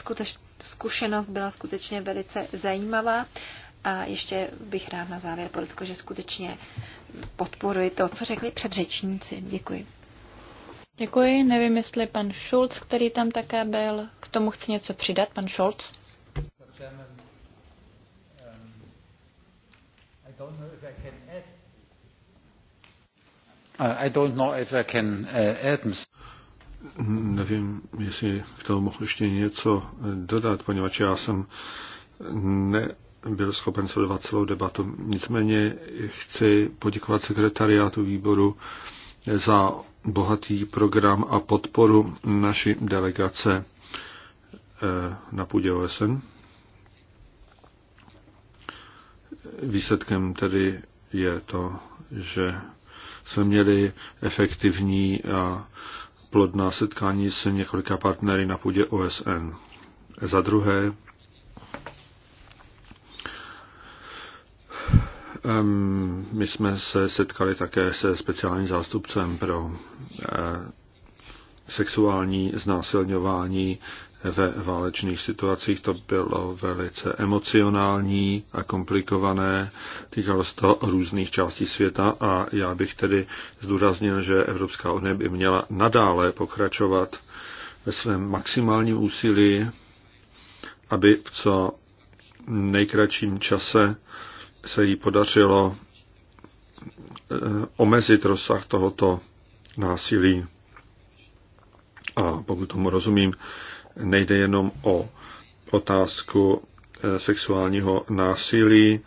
zkušenost byla skutečně velice zajímavá. A ještě bych rád na závěr podotkl, že skutečně podporuji to, co řekli předřečníci. Děkuji. Děkuji. Nevím, jestli pan Schulz, který tam také byl, k tomu chce něco přidat. Pan Schulz? don't know if I can add. I don't know if I can uh, add. Nevím, jestli k tomu mohu ještě něco eh, dodat, poněvadž já jsem nebyl schopen sledovat celou debatu. Nicméně chci poděkovat sekretariátu výboru eh, za bohatý program a podporu naší delegace eh, na půdě OSN. Výsledkem tedy je to, že jsme měli efektivní a plodná setkání s několika partnery na půdě OSN. Za druhé, my jsme se setkali také se speciálním zástupcem pro eh, sexuální znásilňování ve válečných situacích. To bylo velice emocionální a komplikované. Týkalo se to různých částí světa a já bych tedy zdůraznil, že Evropská unie by měla nadále pokračovat ve svém maximálním úsilí, aby v co nejkratším čase se jí podařilo eh, omezit rozsah tohoto násilí. A pokud tomu rozumím, nejde jenom o otázku eh, sexuálního násilí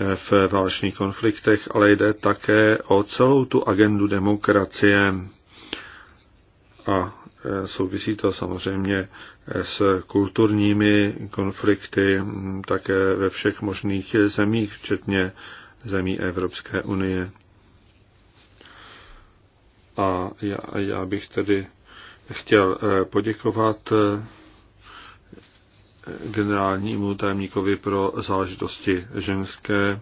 eh, v válečných konfliktech, ale jde také o celou tu agendu demokracie a eh, souvisí to samozřejmě s kulturními konflikty hm, také ve všech možných zemích, včetně zemí Evropské unie. A já, já bych tedy chtěl eh, poděkovat eh, generálnímu tajemníkovi pro záležitosti ženské.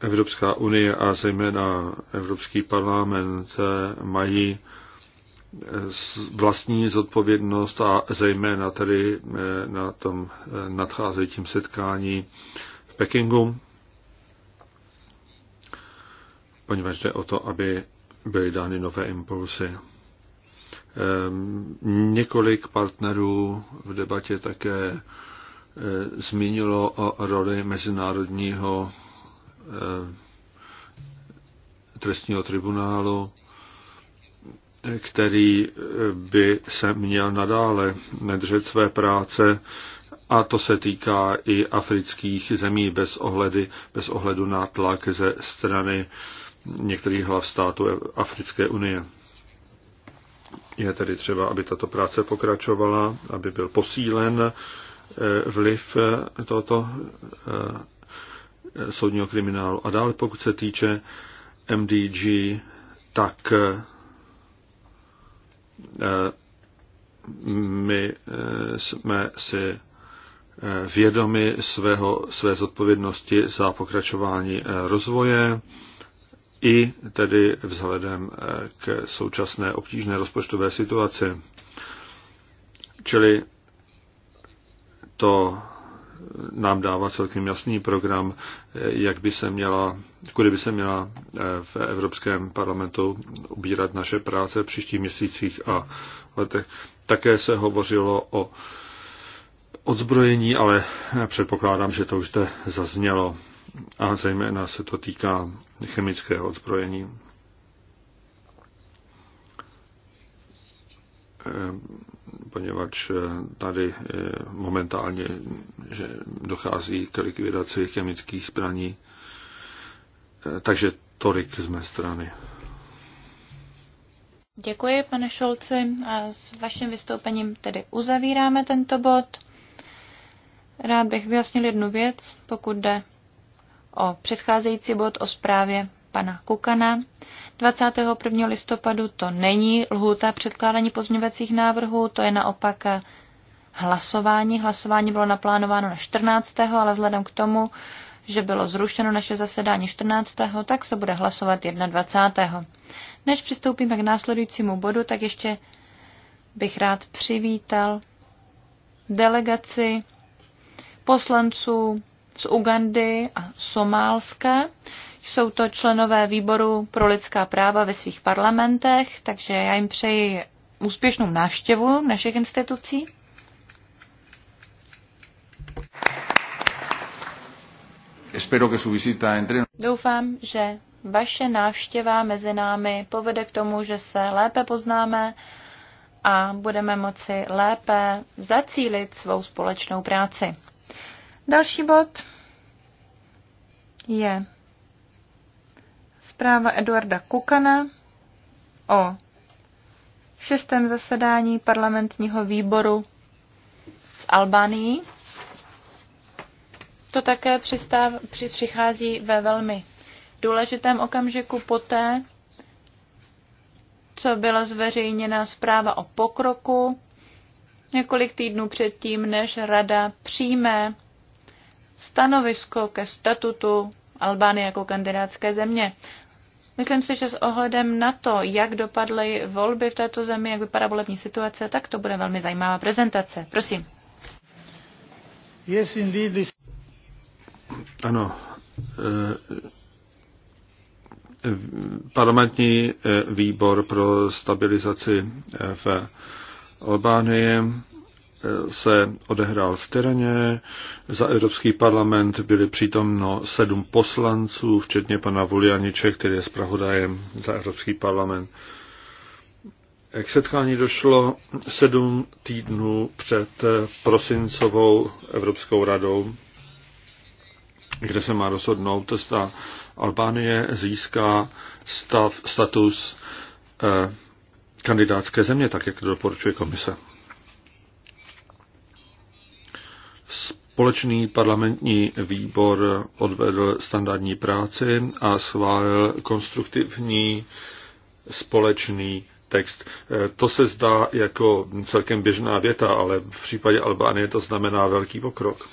Evropská unie a zejména Evropský parlament eh, mají vlastní zodpovědnost a zejména tedy na tom nadcházejícím setkání v Pekingu, poněvadž jde o to, aby byly dány nové impulsy. Ehm, několik partnerů v debatě také eh, zmínilo o roli Mezinárodního eh, trestního tribunálu, který eh, by se měl nadále nedržet své práce a to se týká i afrických zemí bez, ohledy, bez ohledu na tlak ze strany eh, některých hlav států Africké unie. Je tedy třeba, aby tato práce pokračovala, aby byl posílen eh, vliv eh, tohoto eh, soudního kriminálu. A dále, pokud se týče MDG, tak my jsme si vědomi svého, své zodpovědnosti za pokračování rozvoje i tedy vzhledem eh, k současné obtížné rozpočtové situaci. Čili to eh, nám dává celkem jasný program, eh, jak by se měla, kudy by se měla v Evropském parlamentu ubírat naše práce v příštích měsících a letech. Také se hovořilo o odzbrojení, ale předpokládám, že to už zde zaznělo a zejména se to týká chemického odzbrojení. Eh, poněvadž eh, tady eh, momentálně že dochází k likvidaci chemických zbraní. Takže tolik z mé strany. Děkuji, pane Šolci. A s vaším vystoupením tedy uzavíráme tento bod. Rád bych vyjasnil jednu věc, pokud jde o předcházející bod o zprávě pana Kukana. 21. listopadu to není lhůta předkládání pozměňovacích návrhů, to je naopak hlasování. Hlasování bylo naplánováno na 14., ale vzhledem k tomu, že bylo zrušeno naše zasedání 14., tak se bude hlasovat 21. Než přistoupíme k následujícímu bodu, tak ještě bych rád přivítal delegaci poslanců z Ugandy a Somálska. Jsou to členové výboru pro lidská práva ve svých parlamentech, takže já jim přeji úspěšnou návštěvu našich institucí. Doufám, že vaše návštěva mezi námi povede k tomu, že se lépe poznáme a budeme moci lépe zacílit svou společnou práci. Další bod je zpráva Eduarda Kukana o šestém zasedání parlamentního výboru z Albánii. To také přistáv, při, přichází ve velmi důležitém okamžiku poté, co byla zveřejněna zpráva o pokroku několik týdnů předtím, než Rada přijme stanovisko ke statutu Albánie jako kandidátské země. Myslím si, že s ohledem na to, jak dopadly volby v této zemi, jak vypadá volební situace, tak to bude velmi zajímavá prezentace. Prosím. Yes, indeed. Ano. Eh, eh, parlamentní eh, výbor pro stabilizaci v Albánii se odehrál v Tyraně. Za Evropský parlament byly přítomno sedm poslanců, včetně pana Vulianiče, který je zpravodajem za Evropský parlament. K setkání došlo sedm týdnů před prosincovou Evropskou radou, kde se má rozhodnout, zda Albánie získá stav, status eh, kandidátské země, tak jak to doporučuje komise. Společný parlamentní výbor odvedl standardní práci a schválil konstruktivní společný text. E, to se zdá jako celkem běžná věta, ale v případě Albánie to znamená velký pokrok.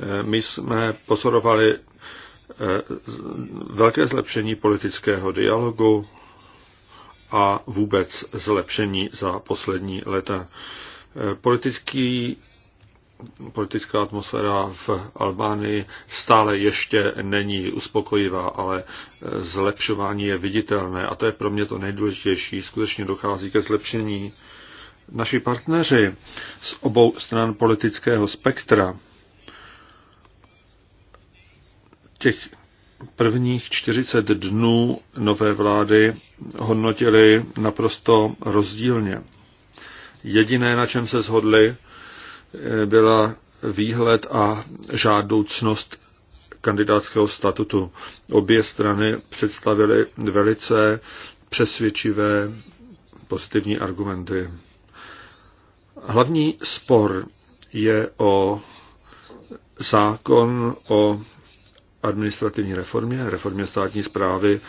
E, my jsme pozorovali e, velké zlepšení politického dialogu a vůbec zlepšení za poslední leta. Politický, politická atmosféra v Albánii stále ještě není uspokojivá, ale e, zlepšování je viditelné a to je pro mě to nejdůležitější. Skutečně dochází ke zlepšení. Naši partneři z obou stran politického spektra těch prvních 40 dnů nové vlády hodnotili naprosto rozdílně. Jediné, na čem se shodli, eh, byla výhled a žádoucnost kandidátského statutu. Obě strany představily velice přesvědčivé pozitivní argumenty. Hlavní spor je o zákon o administrativní reformě, reformě státní zprávy,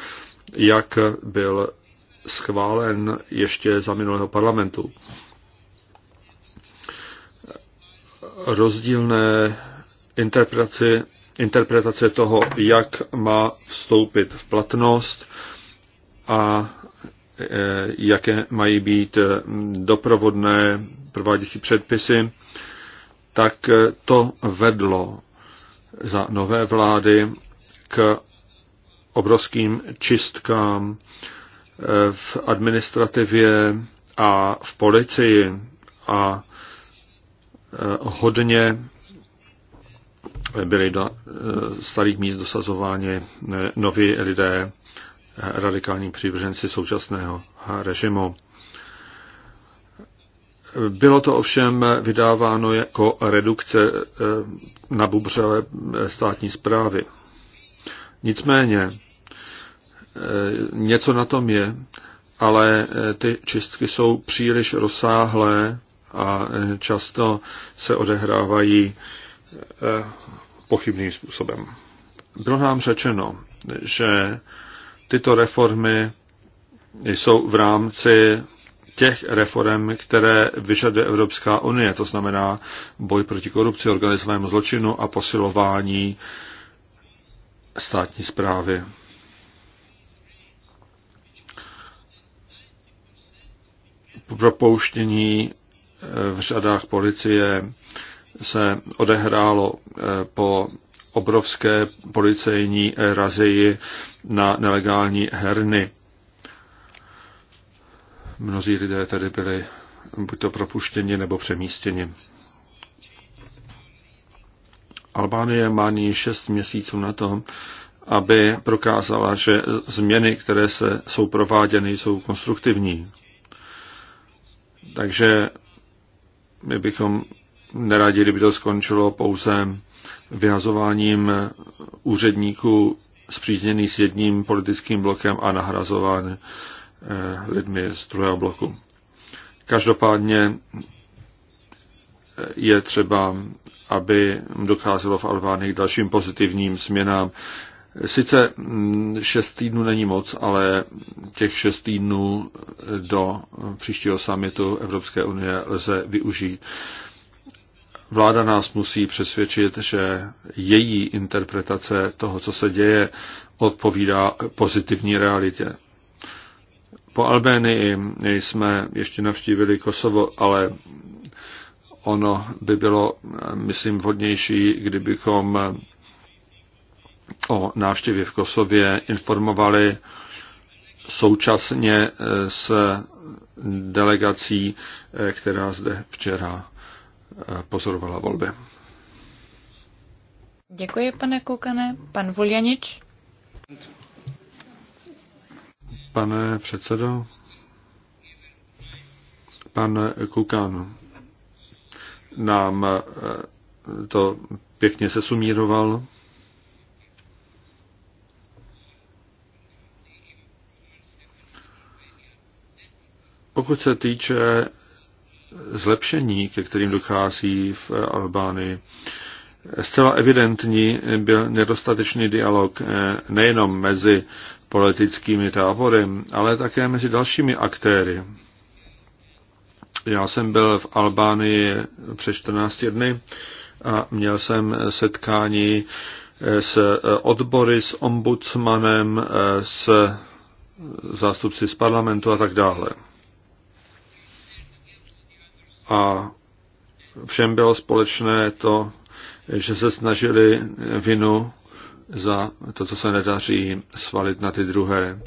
jak byl schválen ještě za minulého parlamentu. rozdílné interpretace interpretace toho, jak má vstoupit v platnost a e, jaké mají být e, doprovodné prováděcí předpisy, tak e, to vedlo za nové vlády k obrovským čistkám v administrativě a v policii a Eh, hodně eh, byli do eh, starých míst dosazováni noví lidé, radikální přívrženci současného režimu. Bylo to ovšem vydáváno jako redukce na bubřele státní zprávy. Nicméně něco na tom je, ale ty čistky jsou příliš rozsáhlé a často se odehrávají eh, pochybným způsobem. Bylo nám řečeno, že tyto reformy jsou v rámci těch reform, které vyžaduje Evropská unie, to znamená boj proti korupci, organizovanému zločinu a posilování státní zprávy. propouštění v řadách policie se odehrálo eh, po obrovské policejní razii na nelegální herny. Mnozí lidé tedy byli buď to propuštěni nebo přemístěni. Albánie má nyní šest měsíců na to, aby prokázala, že změny, které se jsou prováděny, jsou konstruktivní. Takže my bychom neradi, kdyby to skončilo pouze vyhazováním úředníků zpřízněný s jedním politickým blokem a nahrazován eh, lidmi z druhého bloku. Každopádně eh, je třeba, aby docházelo v Albánii k dalším pozitivním změnám. Sice mm, šest týdnů není moc, ale těch šest týdnů do příštího samitu Evropské unie lze využít. Vláda nás musí přesvědčit, že její interpretace toho, co se děje, odpovídá pozitivní realitě. Po Albénii jsme ještě navštívili Kosovo, ale ono by bylo, myslím, vhodnější, kdybychom o návštěvě v Kosově informovali současně eh, s delegací, eh, která zde včera eh, pozorovala volby. Děkuji, pane Kukane. Pan Vuljanič. Pane předsedo, pan Kukan nám to pěkně sesumíroval. Pokud se týče zlepšení, ke kterým dochází v Albánii, zcela evidentní byl nedostatečný dialog eh, nejenom mezi politickými tábory, ale také mezi dalšími aktéry. Já jsem byl v Albánii před 14 dny a měl jsem setkání eh, s odbory, s ombudsmanem, eh, s zástupci z parlamentu a tak dále. A všem bylo společné to, že se snažili vinu za to, co se nedaří, svalit na ty druhé.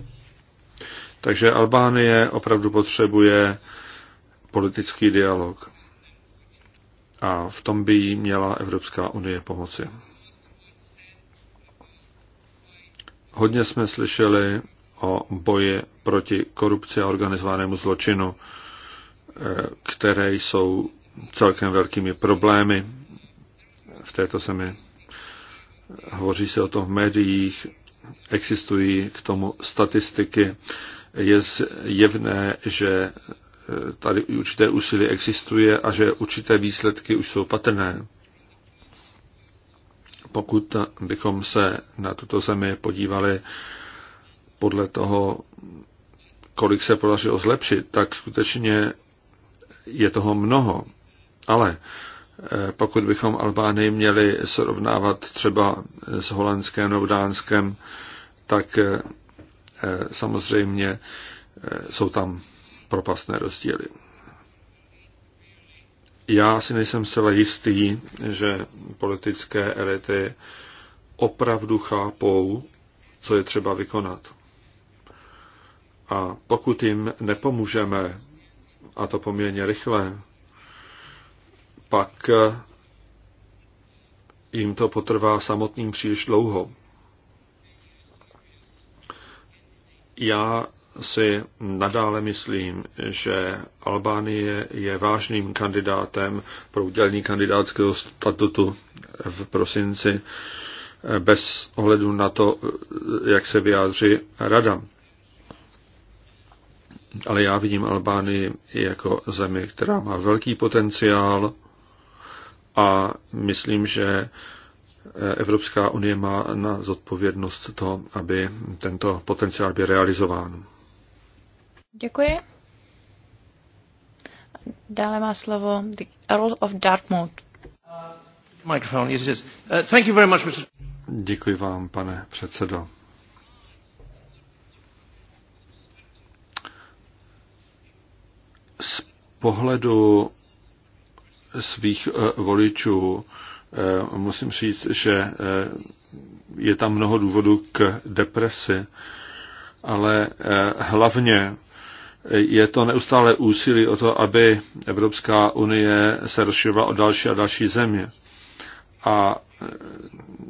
Takže Albánie opravdu potřebuje politický dialog. A v tom by jí měla Evropská unie pomoci. Hodně jsme slyšeli o boji proti korupci a organizovanému zločinu které jsou celkem velkými problémy v této zemi. Hovoří se o tom v médiích, existují k tomu statistiky. Je zjevné, že eh, tady určité úsilí existuje a že určité výsledky už jsou patrné. Pokud bychom se na tuto zemi podívali podle toho, kolik se podařilo zlepšit, tak skutečně je toho mnoho, ale eh, pokud bychom Albánii měli srovnávat třeba s Holandskem nebo Dánskem, tak eh, eh, samozřejmě jsou tam propastné rozdíly. Já si nejsem zcela jistý, že politické elity opravdu chápou, co je třeba vykonat. A pokud jim nepomůžeme a to poměrně rychle, pak eh, jim to potrvá samotným příliš dlouho. Já si nadále myslím, že Albánie je vážným kandidátem pro udělení kandidátského statutu v prosinci eh, bez ohledu na to, eh, jak se vyjádří rada ale já vidím Albánii jako zemi, která má velký potenciál a myslím, že eh, Evropská unie má na zodpovědnost to, aby tento potenciál byl realizován. Děkuji. Dále má slovo the Earl of Dartmouth. Mikrofon, yes, it Uh, thank you very much, Mr. Děkuji vám, pane předsedo. z pohledu svých eh, voličů eh, musím říct, že eh, je tam mnoho důvodů k depresi, ale hlavně je to neustále úsilí o to, aby Evropská unie se rozšiřovala o další a další země. A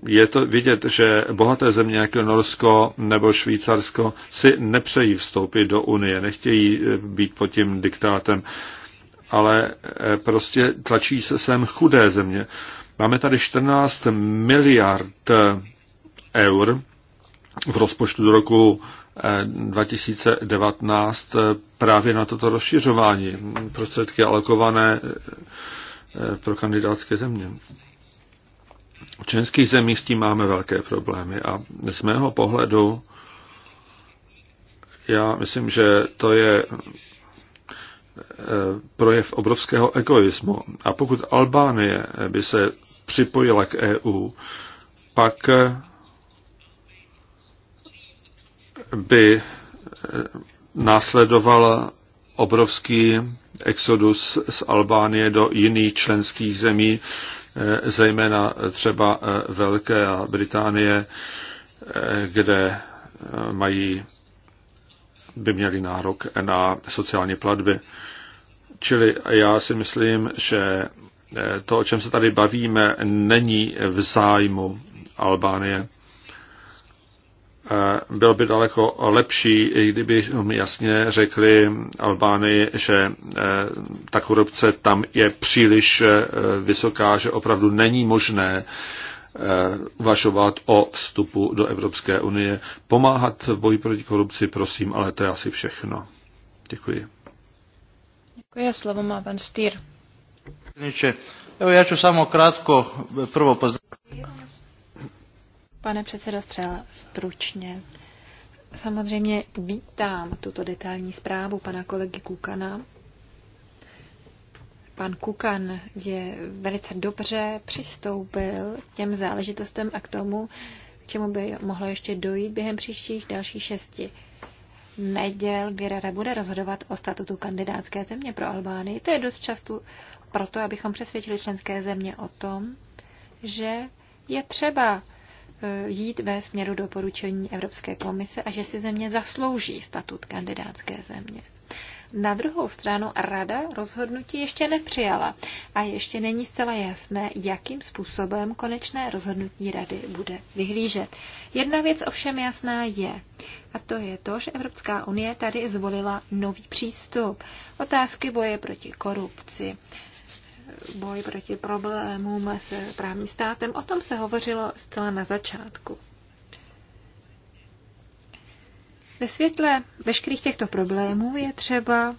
je to vidět, že bohaté země jako Norsko nebo Švýcarsko si nepřejí vstoupit do Unie, nechtějí eh, být pod tím diktátem, ale eh, prostě tlačí se sem chudé země. Máme tady 14 miliard eh, eur v rozpočtu do roku 2019 právě na toto rozšiřování mm, prostředky alokované pro kandidátské země. V členských zemích s tím máme velké problémy a z mého pohledu já myslím, že to je e, projev obrovského egoismu. A pokud Albánie by se připojila k EU, pak e, by e, následoval obrovský exodus z Albánie do jiných členských zemí, Eh, zejména eh, třeba eh, Velké a Británie, kde mají, by měli nárok na sociální platby. Čili já si myslím, že to, o čem se tady bavíme, není v zájmu Albánie. Eh, bylo by daleko lepší, kdyby jasně řekli Albány, že eh, ta korupce tam je příliš eh, vysoká, že opravdu není možné uvažovat o vstupu do Evropské unie. Pomáhat v boji proti korupci, prosím, ale to je asi všechno. Děkuji. Děkuji a slovo má pan Stýr. Evo, já ću samo krátko prvo pozdravit. Pane předsedo Střel, stručně. Samozřejmě vítám tuto detailní zprávu pana kolegy Kukana. Pan Kukan je velice dobře přistoupil k těm záležitostem a k tomu, k čemu by mohlo ještě dojít během příštích dalších šesti neděl, kdy Rada bude rozhodovat o statutu kandidátské země pro Albánii. To je dost často proto, abychom přesvědčili členské země o tom, že je třeba Eh, jít ve směru doporučení Evropské komise a že si země zaslouží statut kandidátské země. Na druhou stranu rada rozhodnutí ještě nepřijala a ještě není zcela jasné, jakým způsobem konečné rozhodnutí rady bude vyhlížet. Jedna věc ovšem jasná je, a to je to, že Evropská unie tady zvolila nový přístup. Otázky boje proti korupci, boj proti problémům s právním státem. O tom se hovořilo zcela na začátku. Ve světle veškerých těchto problémů je třeba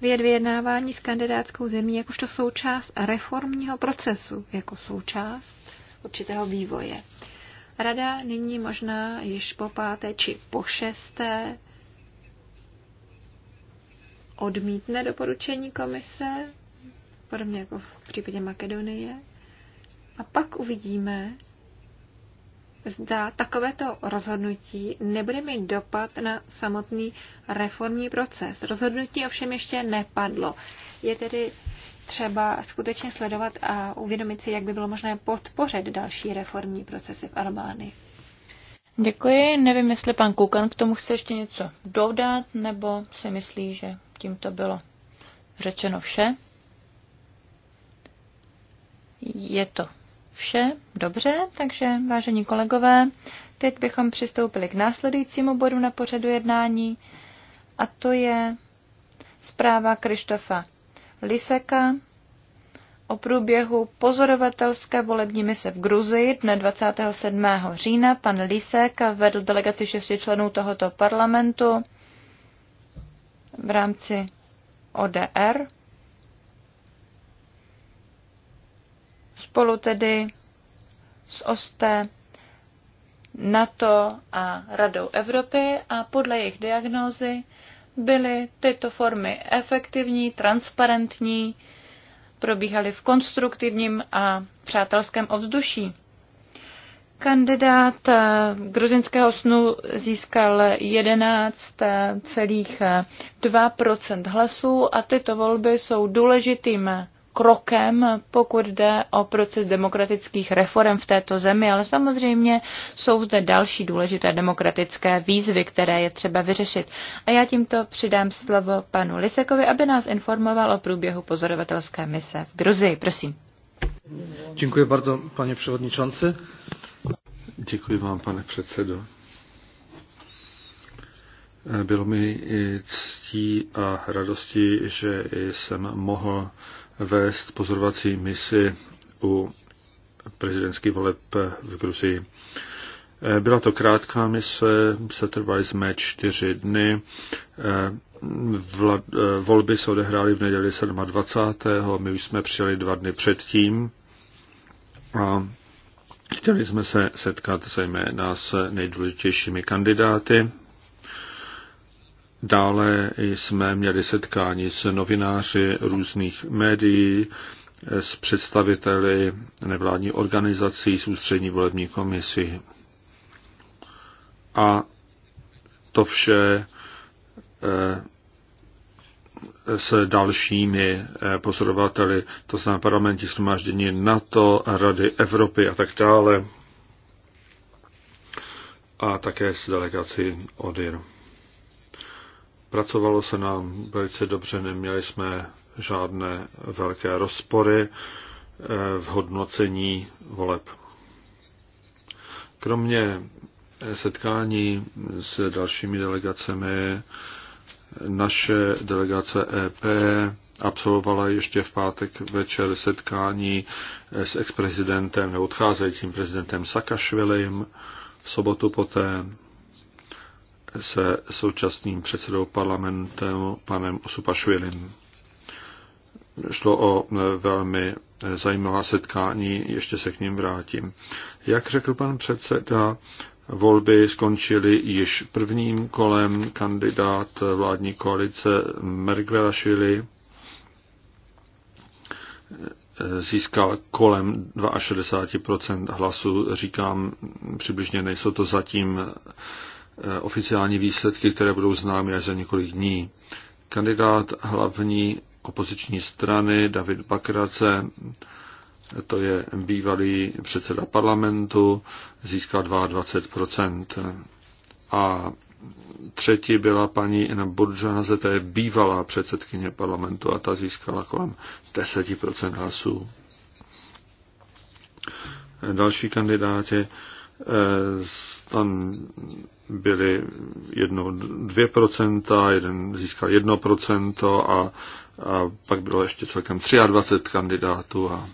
vyjet vyjednávání s kandidátskou zemí jakožto součást reformního procesu, jako součást určitého vývoje. Rada nyní možná již po páté či po šesté odmítne doporučení komise, podobně jako v případě Makedonie. A pak uvidíme, zda takovéto rozhodnutí nebude mít dopad na samotný reformní proces. Rozhodnutí ovšem ještě nepadlo. Je tedy třeba skutečně sledovat a uvědomit si, jak by bylo možné podpořit další reformní procesy v Albánii. Děkuji. Nevím, jestli pan Kukan k tomu chce ještě něco dodat, nebo si myslí, že Tímto bylo řečeno vše. Je to vše, dobře, takže vážení kolegové, teď bychom přistoupili k následujícímu bodu na pořadu jednání a to je zpráva Krištofa Liseka o průběhu pozorovatelské volební mise v Gruzii dne 27. října. Pan Lisek vedl delegaci šesti členů tohoto parlamentu v rámci ODR. Spolu tedy s OSTE, NATO a Radou Evropy a podle jejich diagnózy byly tyto formy efektivní, transparentní, probíhaly v konstruktivním a přátelském ovzduší. Kandidát eh, gruzinského snu získal 11,2 hlasů a tyto volby jsou důležitým krokem, pokud jde o proces demokratických reform v této zemi, ale samozřejmě jsou zde další důležité demokratické výzvy, které je třeba vyřešit. A já tímto přidám slovo panu Lisekovi, aby nás informoval o průběhu pozorovatelské mise v Gruzii. Prosím. Děkuji bardzo, pane předsedající. Děkuji vám, pane předsedo. Bylo mi ctí a radosti, že jsem mohl vést pozorovací misi u prezidentských voleb v Gruzii. Byla to krátká mise, trvaly jsme čtyři dny. Vla, volby se odehrály v neděli 27. My už jsme přijeli dva dny předtím. A Chtěli jsme se setkat zejména s nejdůležitějšími kandidáty. Dále jsme měli setkání s novináři různých médií, s představiteli nevládní organizací, s ústřední volební komisí. A to vše eh, s dalšími eh, pozorovateli, to znamená parlamentní shromáždění NATO, Rady Evropy a tak dále, a také s delegací ODIR. Pracovalo se nám velice dobře, neměli jsme žádné velké rozpory eh, v hodnocení voleb. Kromě setkání s dalšími delegacemi naše delegace EP absolvovala ještě v pátek večer setkání s ex-prezidentem, nebo odcházejícím prezidentem Sakašvilim, v sobotu poté se současným předsedou parlamentem panem Osupašvilim. Šlo o velmi zajímavá setkání, ještě se k ním vrátím. Jak řekl pan předseda, Volby skončily již prvním kolem kandidát vládní koalice Mergvelašvili získal kolem 62% hlasů. Říkám, přibližně nejsou to zatím eh, oficiální výsledky, které budou známy až za několik dní. Kandidát hlavní opoziční strany David Bakrace to je bývalý předseda parlamentu, získal 22%. A třetí byla paní Ina Buržanaze, to je bývalá předsedkyně parlamentu a ta získala kolem 10% hlasů. Další kandidáti eh, tam byly jedno 2%, jeden získal 1% a, a pak bylo ještě celkem 23 kandidátů a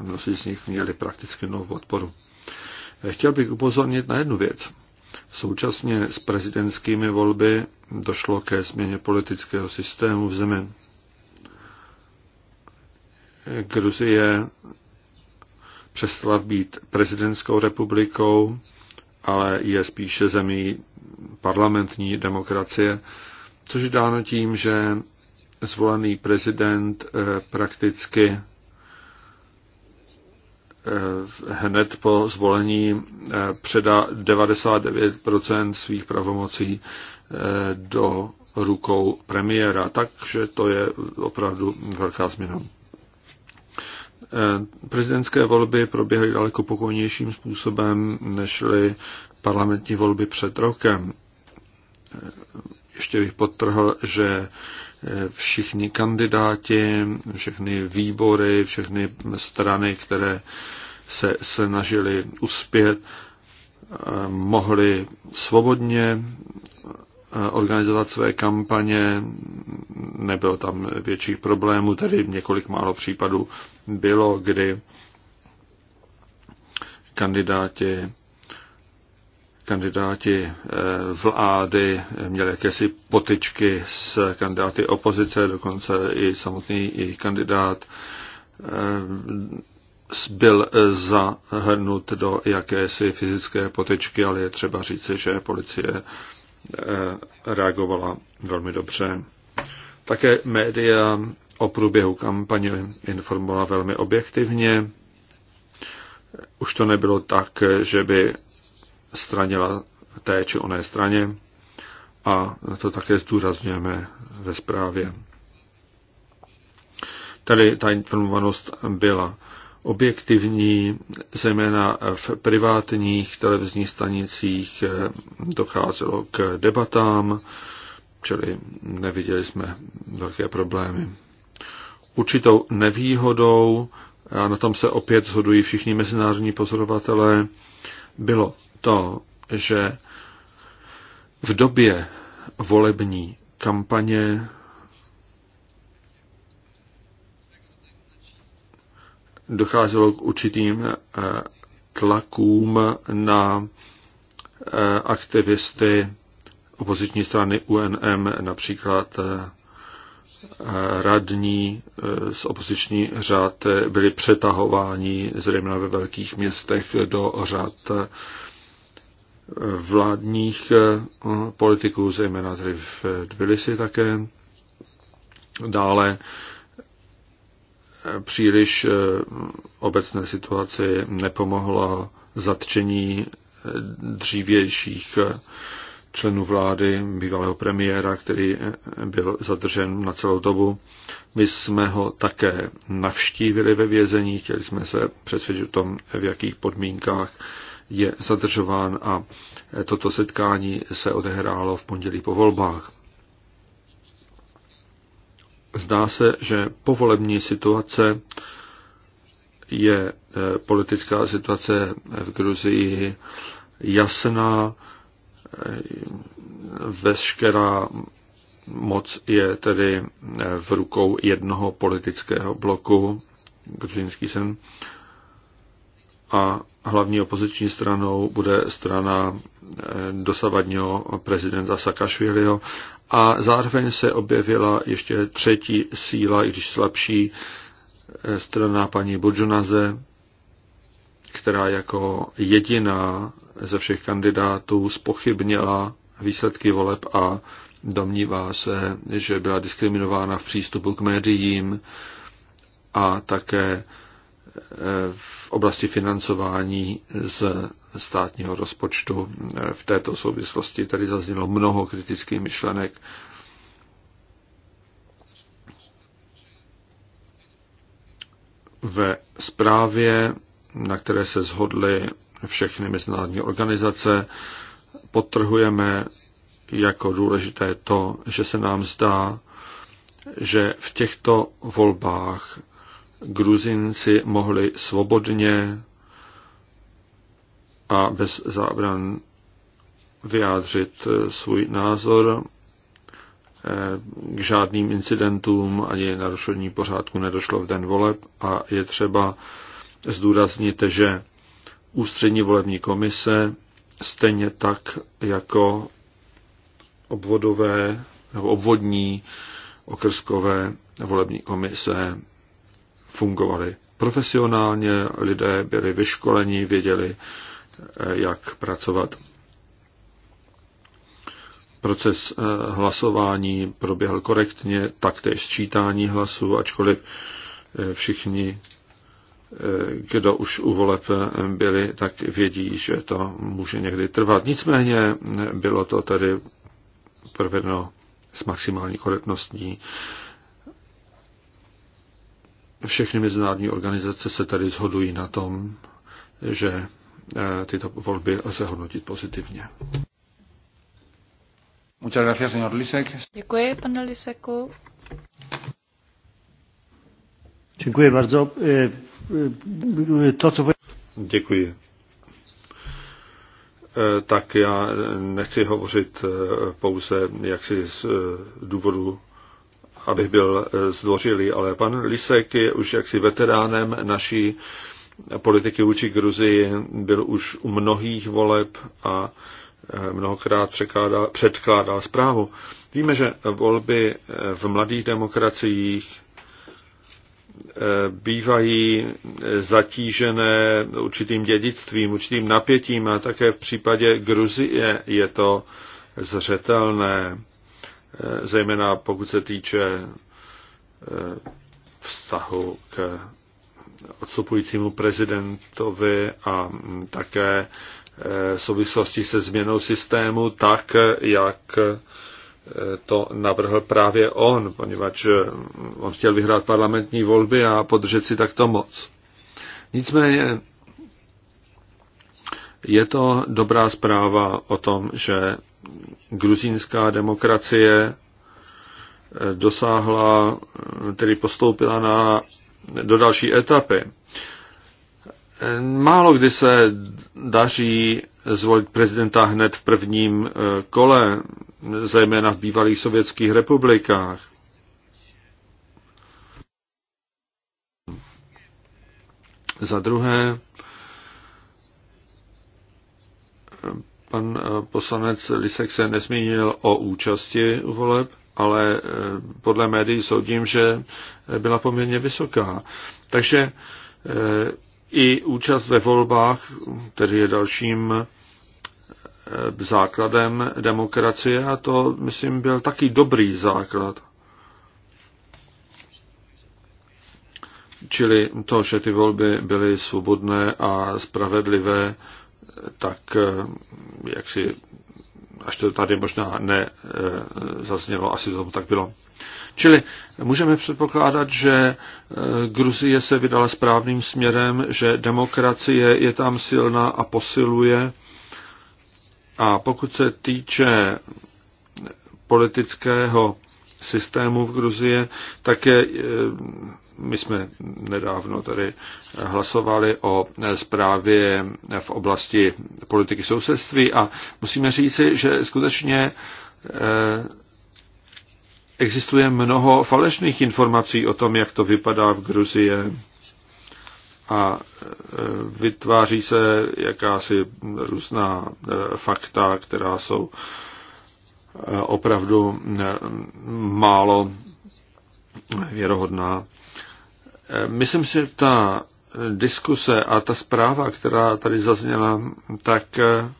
mnozí z nich měli prakticky novou podporu. Chtěl bych upozornit na jednu věc. Současně s prezidentskými volby došlo ke změně politického systému v zemi. Gruzie přestala být prezidentskou republikou, ale je spíše zemí parlamentní demokracie, což je dáno tím, že zvolený prezident eh, prakticky Eh, hned po zvolení eh, předá 99% svých pravomocí eh, do rukou premiéra. Takže to je opravdu velká změna. Prezidentské volby proběhly daleko pokojnějším způsobem, nežli parlamentní volby před rokem. Eh, ještě bych podtrhl, že eh, všichni kandidáti, všechny výbory, všechny strany, které se snažili uspět, eh, mohli svobodně organizovat své kampaně, nebylo tam větších problémů, tedy několik málo případů bylo, kdy kandidáti kandidáti eh, vlády eh, měli jakési potičky s kandidáty opozice, dokonce i samotný jejich kandidát eh, byl zahrnut do jakési fyzické potečky, ale je třeba říci, že policie reagovala velmi dobře. Také média o průběhu kampaně informovala velmi objektivně. Už to nebylo tak, že by straně, té či oné straně a to také zdůrazňujeme ve zprávě. Tady ta informovanost byla objektivní, zejména v privátních televizních stanicích docházelo k debatám, čili neviděli jsme velké problémy. Určitou nevýhodou, a na tom se opět shodují všichni mezinárodní pozorovatelé, bylo to, že v době volební kampaně docházelo k určitým eh, tlakům na eh, aktivisty opoziční strany UNM, například eh, radní z opoziční řád byli přetahováni zejména ve velkých městech do řad vládních eh, politiků, zejména tedy v Tbilisi také. Dále eh, příliš eh, obecné situaci nepomohlo zatčení dřívějších členů vlády, bývalého premiéra, který byl zadržen na celou dobu. My jsme ho také navštívili ve vězení, chtěli jsme se přesvědčit o tom, v jakých podmínkách je zadržován a toto setkání se odehrálo v pondělí po volbách. Zdá se, že povolební situace je e, politická situace v Gruzii jasná, e, veškerá moc je tedy e, v rukou jednoho politického bloku, gruzínský sen, a hlavní opoziční stranou bude strana eh, dosavadního prezidenta Sakašviliho a zároveň se objevila ještě třetí síla, i když slabší, eh, strana paní Budžonaze, která jako jediná ze všech kandidátů spochybnila výsledky voleb a domnívá se, že byla diskriminována v přístupu k médiím a také v oblasti financování z státního rozpočtu. V této souvislosti tady zaznělo mnoho kritických myšlenek. Ve zprávě, na které se zhodly všechny mezinárodní organizace, potrhujeme jako důležité to, že se nám zdá, že v těchto volbách Gruzinci mohli svobodně a bez zábran vyjádřit svůj názor. Eh, k žádným incidentům ani narušení pořádku nedošlo v den voleb a je třeba zdůraznit, že ústřední volební komise stejně tak jako obvodové nebo obvodní okrskové volební komise fungovali profesionálně, lidé byli vyškolení, věděli, eh, jak pracovat. Proces eh, hlasování proběhl korektně, taktéž sčítání hlasů, ačkoliv eh, všichni, kdo už u voleb byli, tak vědí, že to může někdy trvat. Nicméně bylo to tedy provedeno s maximální korektností. Všechny mezinárodní organizace se tady shodují na tom, že eh, tyto volby lze hodnotit pozitivně. Muchas gracias, señor Lisek. Děkuji, pane Liseku. Děkuji bardzo. Eh, eh, to, co... Děkuji. Tak já nechci hovořit pouze jaksi z důvodu abych byl eh, zdvořilý, ale pan Lisek je už jaksi veteránem naší politiky vůči Gruzii, byl už u mnohých voleb a eh, mnohokrát překládal, předkládal zprávu. Víme, že volby eh, v mladých demokraciích bývají zatížené určitým dědictvím, určitým napětím a také v případě Gruzie je to zřetelné. Eh, zejména pokud se týče eh, vztahu k odstupujícímu prezidentovi a mm, také v eh, souvislosti se změnou systému, tak jak to navrhl právě on, poněvadž mm, on chtěl vyhrát parlamentní volby a podržet si takto moc. Nicméně je to dobrá zpráva o tom, že gruzínská demokracie eh, dosáhla, eh, tedy postoupila na, do další etapy. Eh, málo kdy se daří zvolit prezidenta hned v prvním kole, zejména v bývalých sovětských republikách. Za druhé, Pan eh, poslanec Lisek se nezmínil o účasti voleb, ale eh, podle médií soudím, že byla poměrně vysoká. Takže eh, i účast ve volbách, který je dalším základem demokracie a to, myslím, byl taky dobrý základ. Čili to, že ty volby byly svobodné a spravedlivé, tak eh, jak si, až to tady možná ne eh, zaznělo, asi to tak bylo. Čili můžeme předpokládat, že eh, Gruzie se vydala správným směrem, že demokracie je tam silná a posiluje. A pokud se týče politického systému v Gruzie, tak je, my jsme nedávno tady hlasovali o zprávě v oblasti politiky sousedství a musíme říci, že skutečně eh, existuje mnoho falešných informací o tom, jak to vypadá v Gruzii a eh, vytváří se jakási různá eh, fakta, která jsou opravdu málo věrohodná. Myslím si, že ta diskuse a ta zpráva, která tady zazněla, tak eh,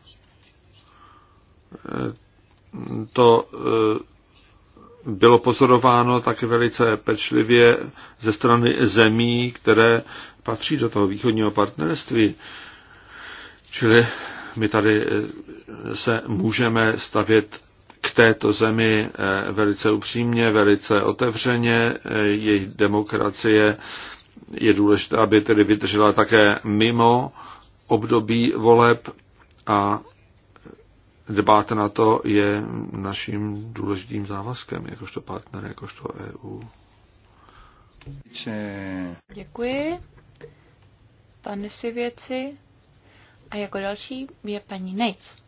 to eh, bylo pozorováno také velice pečlivě ze strany zemí, které patří do toho východního partnerství. Čili my tady eh, se můžeme stavět k této zemi eh, velice upřímně, velice otevřeně. Eh, její demokracie je důležité, aby tedy vydržela také mimo období voleb a dbát na to je naším důležitým závazkem, jakožto partner, jakožto EU. Děkuji. Pane si věci. A jako další je paní Nejc.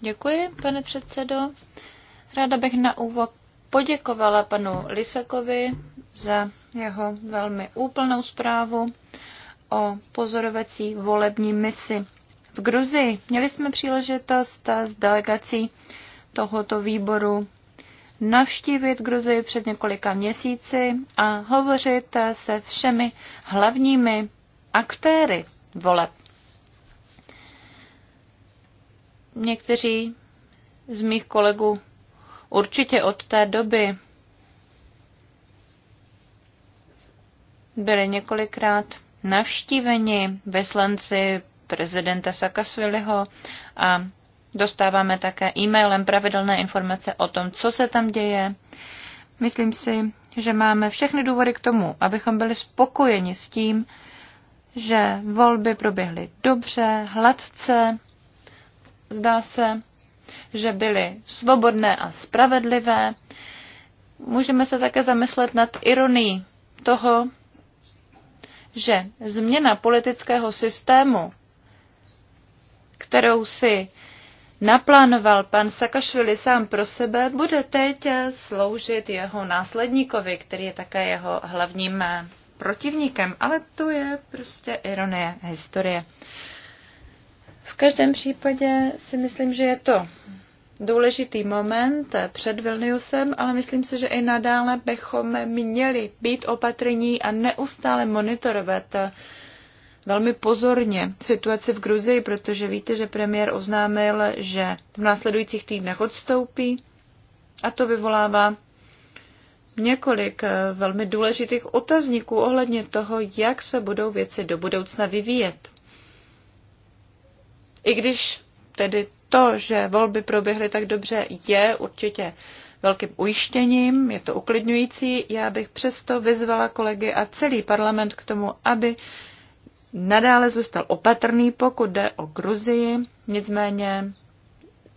Děkuji, pane předsedo. Ráda bych na úvod poděkovala panu Lisakovi za jeho velmi úplnou zprávu o pozorovací volební misi v Gruzii. Měli jsme příležitost s delegací tohoto výboru navštívit Gruzii před několika měsíci a hovořit se všemi hlavními aktéry voleb. Někteří z mých kolegů určitě od té doby byli několikrát navštíveni veslanci prezidenta Sakasviliho a dostáváme také e-mailem pravidelné informace o tom, co se tam děje. Myslím si, že máme všechny důvody k tomu, abychom byli spokojeni s tím, že volby proběhly dobře, hladce, Zdá se, že byly svobodné a spravedlivé. Můžeme se také zamyslet nad ironií toho, že změna politického systému, kterou si naplánoval pan Sakašvili sám pro sebe, bude teď sloužit jeho následníkovi, který je také jeho hlavním protivníkem. Ale to je prostě ironie historie. V každém případě si myslím, že je to důležitý moment před Vilniusem, ale myslím si, že i nadále bychom měli být opatrní a neustále monitorovat velmi pozorně situaci v Gruzii, protože víte, že premiér oznámil, že v následujících týdnech odstoupí a to vyvolává několik eh, velmi důležitých otazníků ohledně toho, jak se budou věci do budoucna vyvíjet. I když tedy to, že volby proběhly tak dobře, je určitě velkým ujištěním, je to uklidňující. Já bych přesto vyzvala kolegy a celý parlament k tomu, aby nadále zůstal opatrný, pokud jde o Gruzii. Nicméně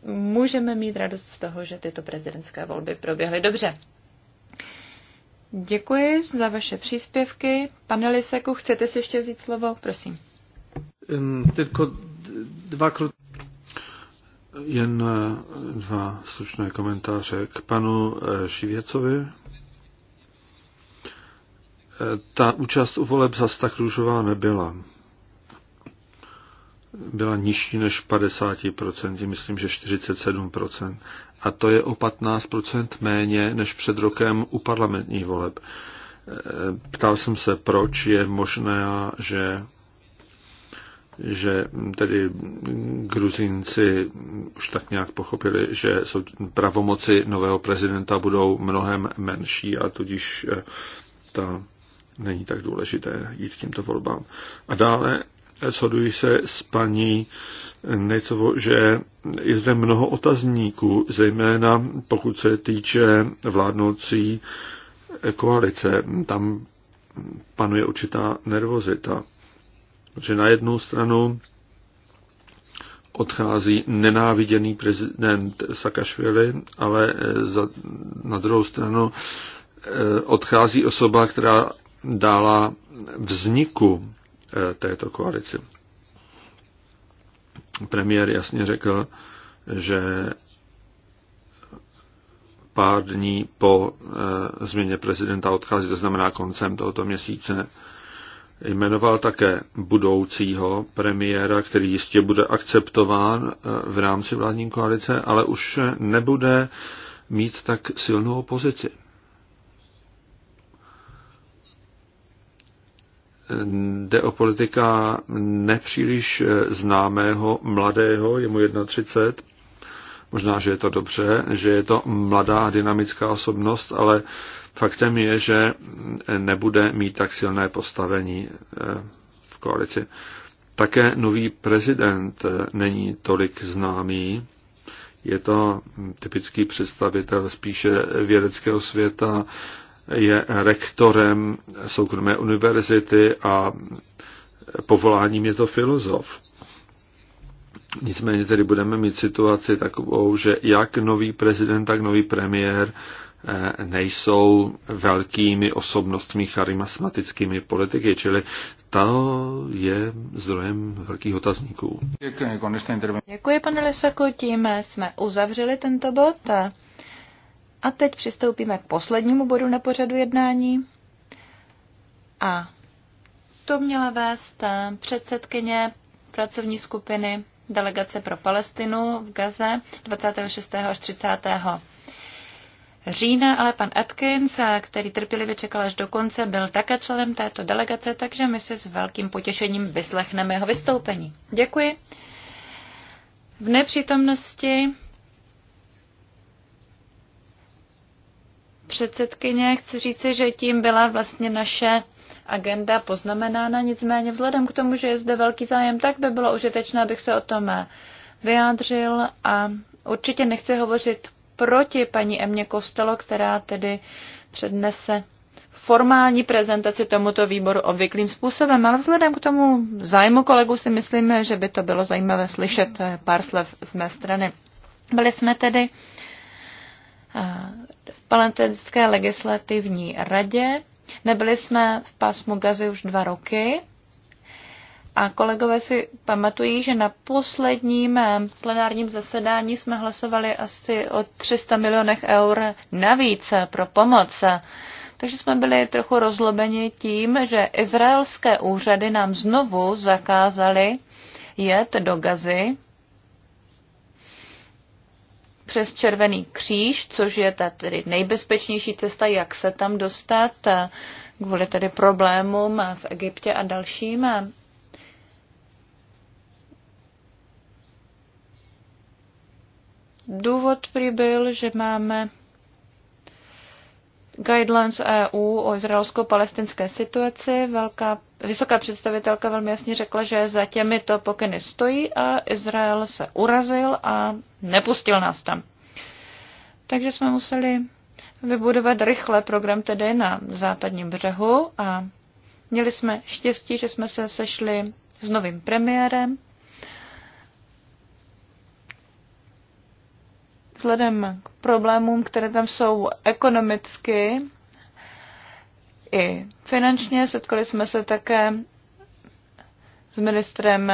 můžeme mít radost z toho, že tyto prezidentské volby proběhly dobře. Děkuji za vaše příspěvky. Pane Liseku, chcete si ještě vzít slovo? Prosím. Um, tylko dva krut... Jen eh, dva slušné komentáře k panu eh, Šivěcovi. Eh, ta účast u voleb zas tak růžová nebyla. Byla nižší než 50%, myslím, že 47%. A to je o 15% méně než před rokem u parlamentních voleb. Ptal jsem se, proč je možné, že že tedy Gruzinci už tak nějak pochopili, že pravomoci nového prezidenta budou mnohem menší a tudíž eh, ta není tak důležité jít k těmto volbám. A dále eh, shoduji se s paní Nejcovo, že je zde mnoho otazníků, zejména pokud se týče vládnoucí eh, koalice. Tam panuje určitá nervozita že na jednu stranu odchází nenáviděný prezident Sakašvili, ale eh, za, na druhou stranu eh, odchází osoba, která dala vzniku eh, této koalici. Premiér jasně řekl, že pár dní po změně prezidenta odchází, to znamená koncem tohoto měsíce, jmenoval také budoucího premiéra, který jistě bude akceptován eh, v rámci vládní koalice, ale už nebude mít tak silnou opozici. Jde o politika nepříliš eh, známého, mladého, je mu 31. Možná, že je to dobře, že je to mladá dynamická osobnost, ale Faktem je, že nebude mít tak silné postavení eh, v koalici. Také nový prezident eh, není tolik známý. Je to typický představitel spíše vědeckého světa, je rektorem soukromé univerzity a povoláním je to filozof. Nicméně tedy budeme mít situaci takovou, že jak nový prezident, tak nový premiér Eh, nejsou velkými osobnostmi charismatickými politiky, čili to je zdrojem velkých otazníků. Děkuji, pane Lisaku, tím jsme uzavřeli tento bod. A teď přistoupíme k poslednímu bodu na pořadu jednání. A to měla vést předsedkyně pracovní skupiny delegace pro Palestinu v Gaze 26. až 30 října, ale pan Atkins, eh, který trpělivě čekal až do konce, byl také členem této delegace, takže my se s velkým potěšením vyslechneme jeho vystoupení. Děkuji. V nepřítomnosti předsedkyně chci říci, že tím byla vlastně naše agenda poznamenána, nicméně vzhledem k tomu, že je zde velký zájem, tak by bylo užitečné, abych se o tom eh, vyjádřil a určitě nechci hovořit proti paní Emě Kostelo, která tedy přednese formální prezentaci tomuto výboru obvyklým způsobem, ale vzhledem k tomu zájmu kolegů si myslíme, že by to bylo zajímavé slyšet pár slev z mé strany. Byli jsme tedy eh, v palentinské legislativní radě, nebyli jsme v pásmu Gazy už dva roky, a kolegové si pamatují, že na posledním eh, plenárním zasedání jsme hlasovali asi o 300 milionech eur navíc eh, pro pomoc. Takže jsme byli trochu rozlobeni tím, že izraelské úřady nám znovu zakázali jet do Gazy přes Červený kříž, což je ta tedy nejbezpečnější cesta, jak se tam dostat eh, kvůli tedy problémům v Egyptě a dalším. Důvod přibyl, byl, že máme guidelines EU o izraelsko-palestinské situaci. Velká, vysoká představitelka velmi jasně řekla, že za to pokyny stojí a Izrael se urazil a nepustil nás tam. Takže jsme museli vybudovat rychle program tedy na západním břehu a měli jsme štěstí, že jsme se sešli s novým premiérem vzhledem k problémům, které tam jsou ekonomicky i finančně, setkali jsme se také s ministrem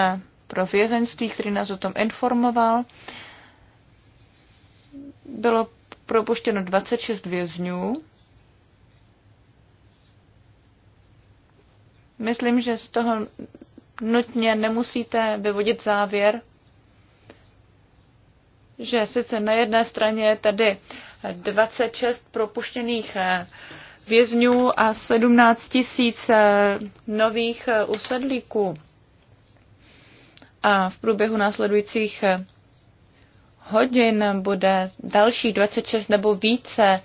pro vězeňství, který nás o tom informoval. Bylo propuštěno 26 vězňů. Myslím, že z toho nutně nemusíte vyvodit závěr, že sice na jedné straně je tady 26 propuštěných eh, vězňů a 17 tisíc eh, nových eh, usedlíků. A v průběhu následujících hodin bude dalších 26 nebo více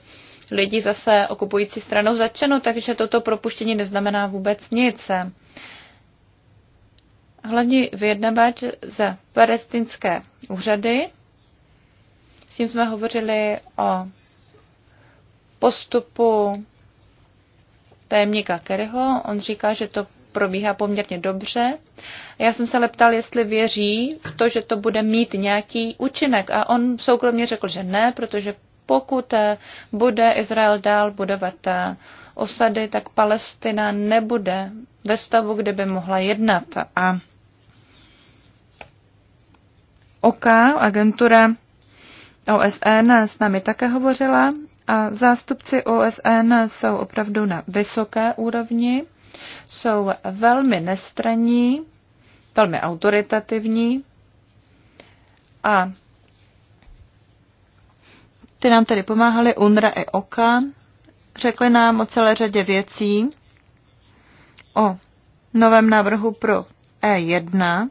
lidí zase okupující stranou začeno, takže toto propuštění neznamená vůbec nic. Hlavní vyjednavač za palestinské úřady s tím jsme hovořili o postupu tajemníka Kerryho. On říká, že to probíhá poměrně dobře. Já jsem se leptal, jestli věří v to, že to bude mít nějaký účinek. A on soukromně řekl, že ne, protože pokud bude Izrael dál budovat osady, tak Palestina nebude ve stavu, kde by mohla jednat. A OK, agentura OSN s námi také hovořila a zástupci OSN jsou opravdu na vysoké úrovni, jsou velmi nestraní, velmi autoritativní a ty nám tedy pomáhali UNRA i OKA, řekli nám o celé řadě věcí, o novém návrhu pro E1,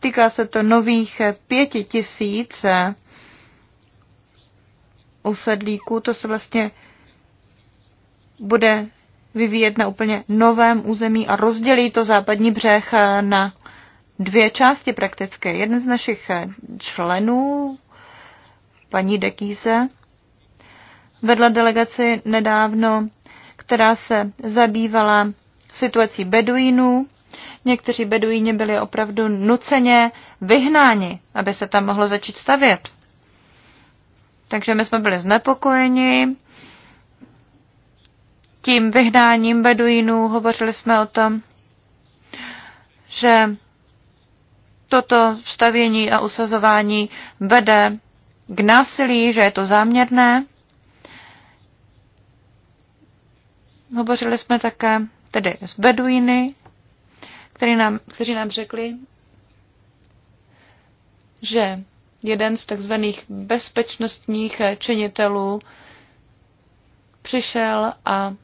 Týká se to nových pěti tisíc usedlíků. To se vlastně bude vyvíjet na úplně novém území a rozdělí to západní břeh na dvě části prakticky. Jeden z našich členů, paní Dekýze, vedla delegaci nedávno, která se zabývala situací Beduínů Někteří beduíni byli opravdu nuceně vyhnáni, aby se tam mohlo začít stavět. Takže my jsme byli znepokojeni tím vyhnáním beduínů. Hovořili jsme o tom, že toto stavění a usazování vede k násilí, že je to záměrné. Hovořili jsme také tedy s beduíny, který nám, kteří nám řekli, že jeden z takzvaných bezpečnostních činitelů přišel a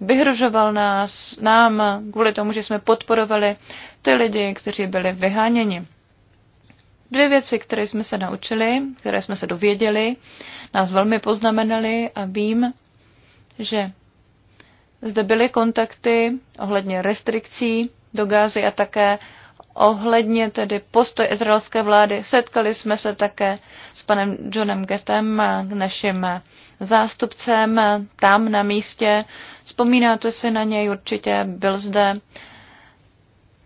vyhrožoval nás, nám, kvůli tomu, že jsme podporovali ty lidi, kteří byli vyháněni. Dvě věci, které jsme se naučili, které jsme se dověděli, nás velmi poznamenaly a vím, že zde byly kontakty ohledně restrikcí do Gázy a také ohledně tedy postoj izraelské vlády. Setkali jsme se také s panem Johnem Getem, naším zástupcem tam na místě. Vzpomínáte si na něj určitě, byl zde.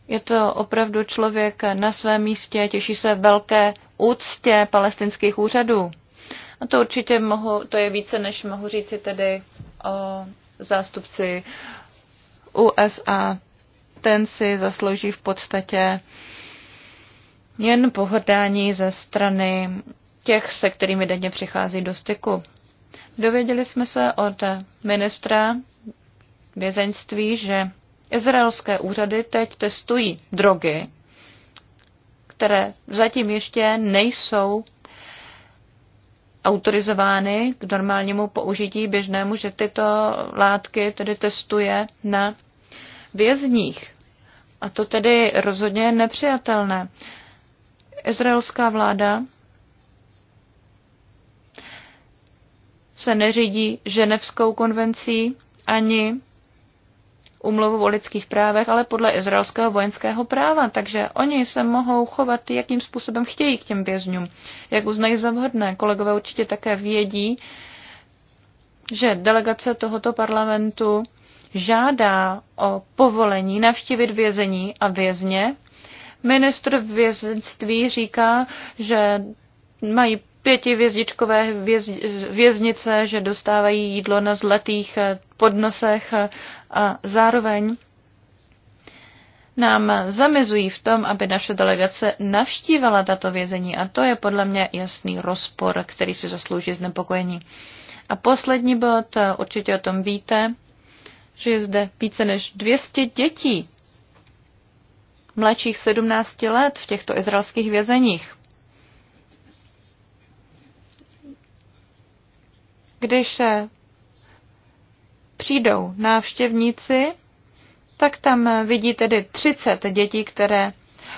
Je to opravdu člověk na svém místě, těší se velké úctě palestinských úřadů. A to určitě mohu, to je více, než mohu říci tedy o zástupci USA ten si zaslouží v podstatě jen pohrdání ze strany těch, se kterými denně přichází do styku. Dověděli jsme se od ministra vězeňství, že izraelské úřady teď testují drogy, které zatím ještě nejsou autorizovány k normálnímu použití běžnému, že tyto látky tedy testuje na vězních. A to tedy rozhodně je nepřijatelné. Izraelská vláda se neřídí ženevskou konvencí ani umluvu o lidských právech, ale podle izraelského vojenského práva, takže oni se mohou chovat, jakým způsobem chtějí k těm vězňům, jak uznají za vhodné. Kolegové určitě také vědí, že delegace tohoto parlamentu žádá o povolení navštívit vězení a vězně. Ministr vězenství říká, že mají pětivězdičkové věz, věznice, že dostávají jídlo na zlatých eh, podnosech eh, a zároveň nám zamezují v tom, aby naše delegace navštívala tato vězení a to je podle mě jasný rozpor, který si zaslouží znepokojení. A poslední bod, eh, určitě o tom víte, že je zde více než 200 dětí mladších 17 let v těchto izraelských vězeních. Když přijdou návštěvníci, tak tam vidí tedy 30 dětí, které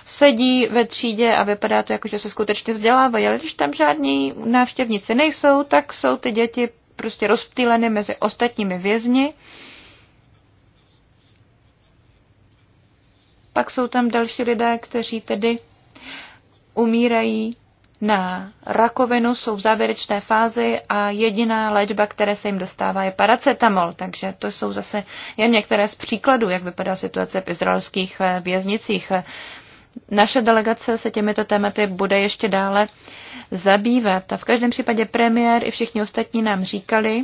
sedí ve třídě a vypadá to jako, že se skutečně vzdělávají, ale když tam žádní návštěvníci nejsou, tak jsou ty děti prostě rozptýleny mezi ostatními vězni Pak jsou tam další lidé, kteří tedy umírají na rakovinu, jsou v závěrečné fázi a jediná léčba, které se jim dostává, je paracetamol. Takže to jsou zase jen některé z příkladů, jak vypadá situace v izraelských eh, věznicích. Naše delegace se těmito tématy bude ještě dále zabývat. A v každém případě premiér i všichni ostatní nám říkali,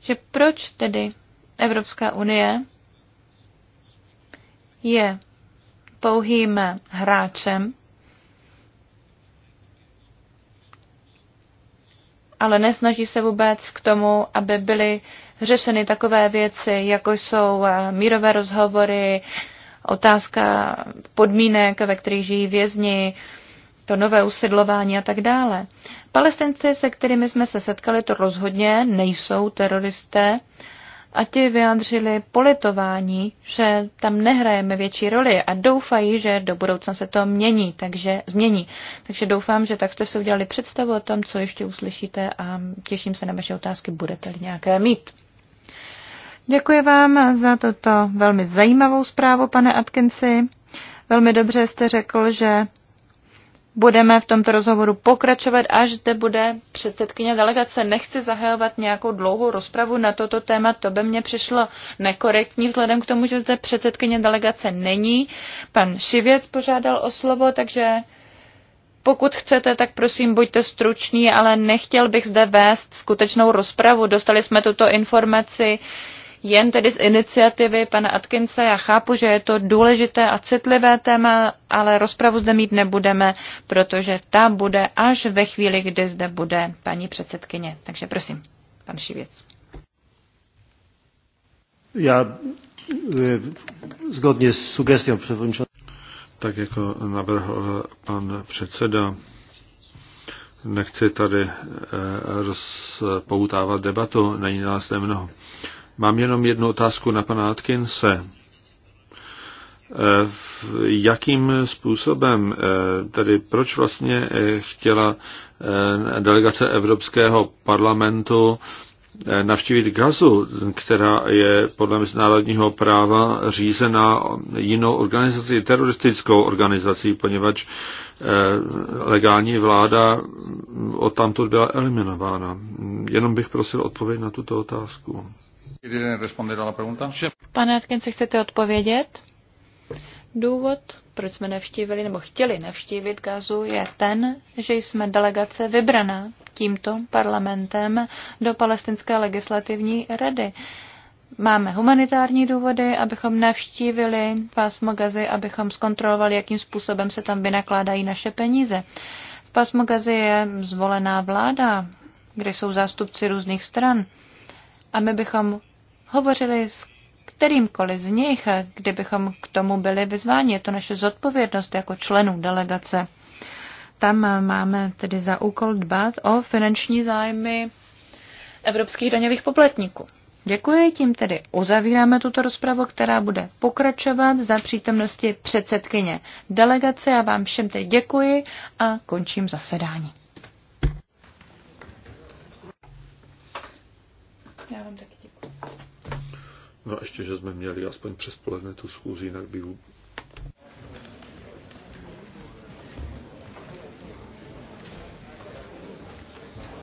že proč tedy Evropská unie je pouhým hráčem, ale nesnaží se vůbec k tomu, aby byly řešeny takové věci, jako jsou eh, mírové rozhovory, otázka podmínek, ve kterých žijí vězni, to nové usidlování a tak dále. Palestinci, se kterými jsme se setkali, to rozhodně nejsou teroristé, a ti vyjádřili politování, že tam nehrajeme větší roli a doufají, že do budoucna se to mění, takže změní. Takže doufám, že tak jste si udělali představu o tom, co ještě uslyšíte a těším se na vaše otázky, budete-li nějaké mít. Děkuji vám za toto velmi zajímavou zprávu, pane Atkinsi. Velmi dobře jste řekl, že budeme v tomto rozhovoru pokračovat, až zde bude předsedkyně delegace. Nechci zahajovat nějakou dlouhou rozpravu na toto téma, to by mně přišlo nekorektní, vzhledem k tomu, že zde předsedkyně delegace není. Pan Šivěc požádal o slovo, takže pokud chcete, tak prosím buďte struční, ale nechtěl bych zde vést skutečnou rozpravu. Dostali jsme tuto informaci jen tedy z iniciativy pana Atkinse. Já chápu, že je to důležité a citlivé téma, ale rozpravu zde mít nebudeme, protože ta bude až ve chvíli, kdy zde bude paní předsedkyně. Takže prosím, pan Šivěc. Já eh, zgodně s sugestí převodniča. Tak jako navrhl pan předseda, nechci tady eh, rozpoutávat debatu, není nás mnoho. Mám jenom jednu otázku na pana Atkinse. E, jakým způsobem, e, tedy proč vlastně e, chtěla delegace Evropského parlamentu navštívit Gazu, která je podle mezinárodního práva řízená jinou organizací, teroristickou organizací, poněvadž legální vláda odtamtud byla eliminována. Jenom bych prosil odpověď na tuto otázku. Pane Atkins, chcete odpovědět? Důvod, proč jsme navštívili nebo chtěli navštívit Gazu, je ten, že jsme delegace vybraná tímto parlamentem do Palestinské legislativní rady. Máme humanitární důvody, abychom navštívili pásmo Gazy, abychom zkontrolovali, jakým způsobem se tam vynakládají naše peníze. V pásmo Gazy je zvolená vláda, kde jsou zástupci různých stran a my bychom hovořili s kterýmkoliv z nich, kdybychom k tomu byli vyzváni. Je to naše zodpovědnost jako členů delegace. Tam máme tedy za úkol dbát o finanční zájmy evropských daňových poplatníků. Děkuji, tím tedy uzavíráme tuto rozpravu, která bude pokračovat za přítomnosti předsedkyně delegace. Já vám všem teď děkuji a končím zasedání. Já vám taky děkuji. No a ještě, že jsme měli aspoň přes poledne tu schůzi, jinak by